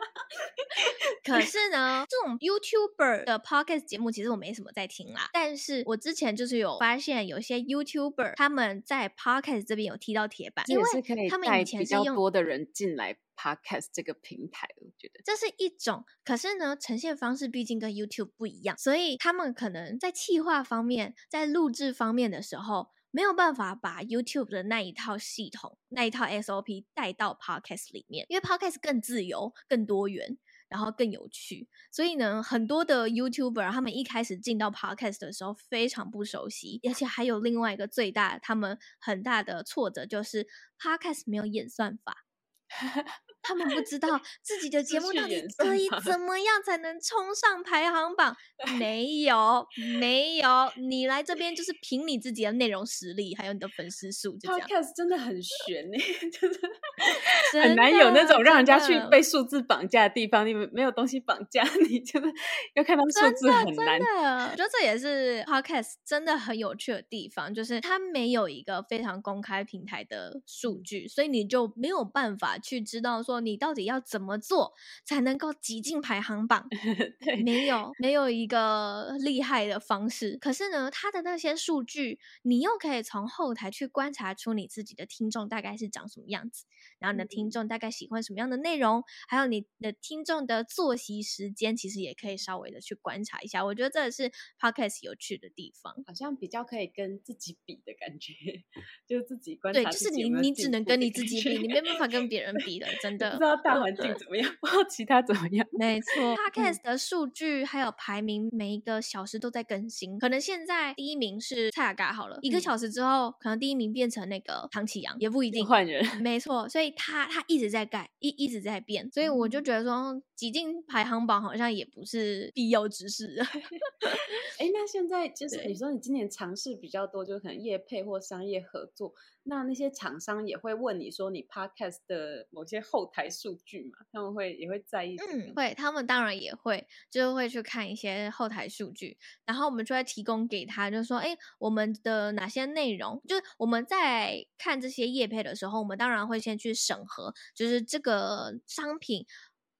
[LAUGHS] 可是呢，這種 YouTuber 的 podcast 節目，其實我沒什麼在聽啦。但是我之前就是有發現，有些 YouTuber 他們在 podcast 這邊有踢到鐵板，因為他們以前是用比較多的人進來 podcast 這個平台，我覺得這是一種。可是呢，呈現方式畢竟跟 YouTube 不一樣，所以他們可能在企劃方面、在錄制方面的時候，沒有辦法把 YouTube 的那一套系統、那一套 SOP 帶到 podcast 裡面，因為 podcast 更自由、更多元。然後更有趣，所以呢，很多的 YouTuber 他們一開始進到 Podcast 的時候非常不熟悉，而且還有另外一個最大他們很大的挫折就是 Podcast 沒有演算法。 [LAUGHS] 他們不知道自己的節目到底可以怎麼樣才能衝上排行榜？沒有，沒有，你來這邊就是憑你自己的內容實力，還有你的粉絲數這樣。Podcast 真的很懸呢，真的，真的很難有那種讓人家去被數字綁架的地方。你沒有東西綁架你，真的要看他們數字很難。真的，真的。我覺得這也是 Podcast 真的很有趣的地方，就是它沒有一個非常公開平台的數據，所以你就沒有辦法去知道說。你到底要怎麼做才能夠擠進排行榜？ [LAUGHS] 沒有沒有一個厲害的方式。可是呢，他的那些數據，你又可以從後台去觀察出你自己的聽眾大概是長什麼樣子。然後你的聽眾大概喜歡什麼樣的內容，嗯，還有你的聽眾的作息時間，其實也可以稍微的去觀察一下。我覺得這也是 Podcast 有趣的地方，好像比較可以跟自己比的感覺，就自己觀察自己有沒有進步的感覺。對，就是你，你只能跟你自己比， [LAUGHS] 你沒辦法跟別人比的，真的。不知道大環境怎麼樣，不知道其他怎麼樣。沒錯、嗯、Podcast 的數據還有排名，每一個小時都在更新。嗯、可能現在第一名是蔡阿嘎，好了、嗯，一個小時之後，可能第一名變成那個唐綺陽，也不一定換人。沒錯，所以。它它一直在改，一一直在變，所以我就覺得說，擠進排行榜好像也不是必要之事 [LAUGHS] 。哎、欸，那現在就是你說你今年嘗試比較多，就可能業配或商業合作。那那些廠商也會問你說，你 Podcast 的某些後台數據嘛？他們會也會在意？嗯，會，他們當然也會，就會去看一些後台數據。然後我們就會提供給他，就說：哎，我們的哪些內容？就是我們在看這些業配的時候，我們當然會先去審核，就是這個商品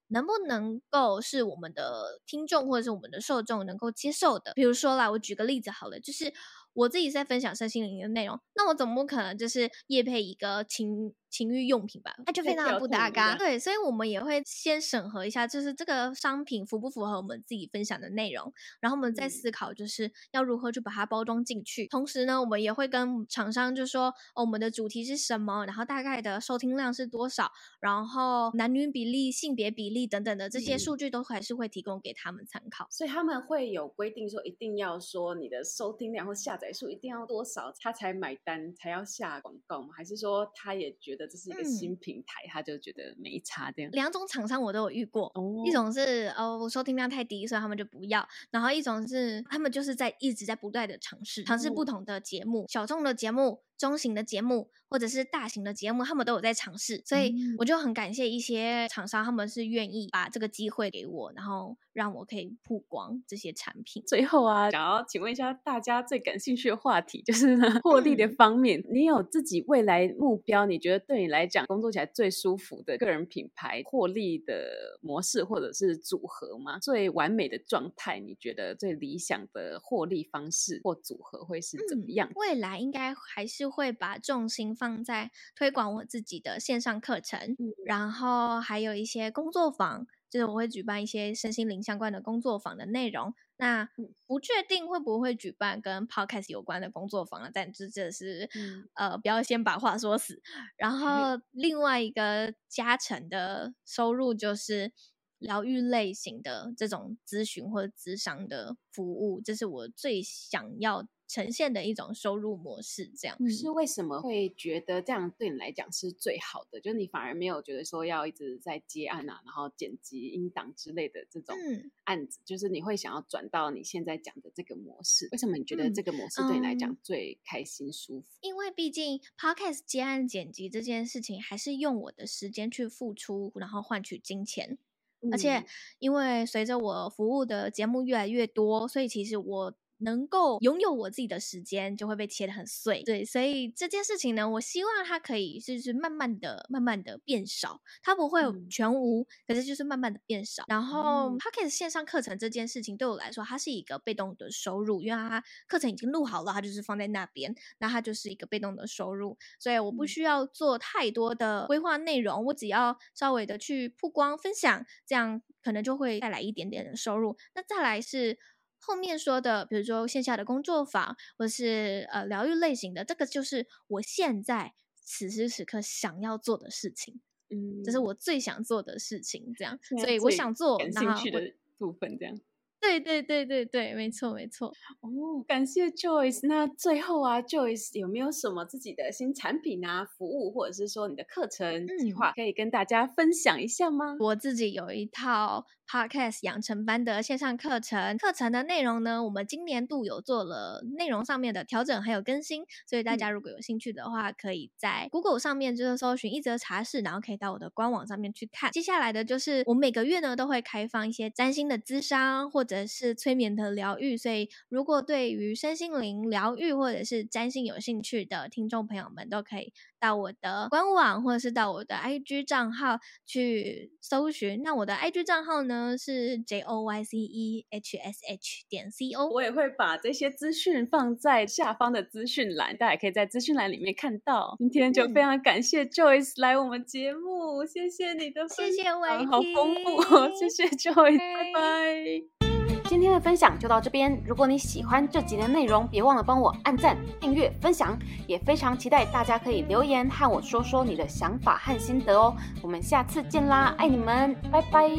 能不能夠是我們的聽眾或者是我們的受眾能夠接受的。比如說啦，我舉個例子好了，就是。我自己在分享身心靈的內容，那我總不可能就是業配一個情情趣用品吧，那就非常的不搭嘎。對，所以我們也會先審核一下，就是這個商品符不符合我們自己分享的內容，然後我們再思考就是要如何去把它包裝進去，嗯。同時呢，我們也會跟廠商就說，哦，我們的主題是什麼，然後大概的收聽量是多少，然後男女比例、性別比例等等的這些數據都還是會提供給他們參考。嗯，所以他們會有規定說，一定要說你的收聽量或下載數一定要多少，他才買單，才要下廣告嗎？還是說他也覺得？就是一個新平臺，嗯、他就覺得沒差這樣。兩種廠商我都有遇過，oh. 一種是、哦、我收聽量太低，所以他們就不要；然後一種是他們就是在一直在不斷的嘗試，oh. 嘗試不同的節目，小眾的節目。中型的節目或者是大型的節目，他們都有在嘗試，所以我就很感謝一些廠商，他們是願意把這個機會給我，然後讓我可以曝光這些產品。最後啊，想要請問一下大家最感興趣的話題，就是呢，獲利的方面。 [LAUGHS] 你有自己未來目標？你覺得對你來講工作起來最舒服的個人品牌獲利的模式或者是組合嗎？最完美的狀態，你覺得最理想的獲利方式或組合會是怎麼樣？嗯，未來應該還是。會把重心放在推廣我自己的線上課程，嗯，然後還有一些工作坊，就是我會舉辦一些身心靈相關的工作坊的內容。那不確定會不會舉辦跟 Podcast 有關的工作坊啊，但這、就是、嗯、呃，不要先把話說死。然後另外一個加成的收入就是療癒類型的這種諮詢或諮商的服務，這是我最想要，呈現的一種收入模式，這樣、嗯、是為什麼會覺得這樣對你來講是最好的？就是你反而沒有覺得說要一直在接案啊，然後剪輯音檔之類的這種案子，嗯、就是你會想要轉到你現在講的這個模式。為什麼你覺得這個模式對你來講最開心舒服？嗯嗯、因為畢竟 Podcast 接案剪輯這件事情，還是用我的時間去付出，然後換取金錢、嗯。而且因為隨着我服務的節目越來越多，所以其實我。能夠擁有我自己的時間，就會被切得很碎。對，所以這件事情呢，我希望它可以就是慢慢的、慢慢的變少，它不會全無，嗯、可是就是慢慢的變少。然後 Podcast 線上課程這件事情對我來說，它是一個被動的收入，因為它課程已經錄好了，它就是放在那邊，那它就是一個被動的收入。所以我不需要做太多的規劃內容，我只要稍微的去曝光分享，這樣可能就會帶來一點點的收入。那再來是。後面說的，比如說線下的工作坊，或是呃療癒類型的，這個就是我現在此時此刻想要做的事情，嗯，這是我最想做的事情，這樣、嗯，所以我想做，感興趣的部分這樣。對對對對對，沒錯沒錯。哦，感謝 Joyce。那最後啊，Joyce 有沒有什麼自己的新產品啊、服務，或者是說你的課程計劃、嗯，可以跟大家分享一下嗎？我自己有一套。Podcast 養成班的線上課程，課程的內容呢，我們今年度有做了內容上面的調整還有更新，所以大家如果有興趣的話，可以在 Google 上面就是搜尋一則茶室，然後可以到我的官網上面去看。接下來的就是我每個月呢都會開放一些占星的諮商或者是催眠的療癒，所以如果對於身心靈療癒或者是占星有興趣的聽眾朋友們，都可以到我的官網或者是到我的 IG 賬號去搜尋。那我的 IG 賬號呢？是 J O Y C E H S H 點 C O，我也會把這些資訊放在下方的資訊欄，大家可以在資訊欄裡面看到。今天就非常感謝 Joyce 來我們節目，謝謝你的分享，謝謝維好豐富、哦，謝謝 Joyce、okay. 拜拜！今天的分享就到這邊，如果你喜歡這集的內容，別忘了幫我按讚、訂閱、分享，也非常期待大家可以留言和我說說你的想法和心得哦。我們下次見啦，愛你們，拜拜。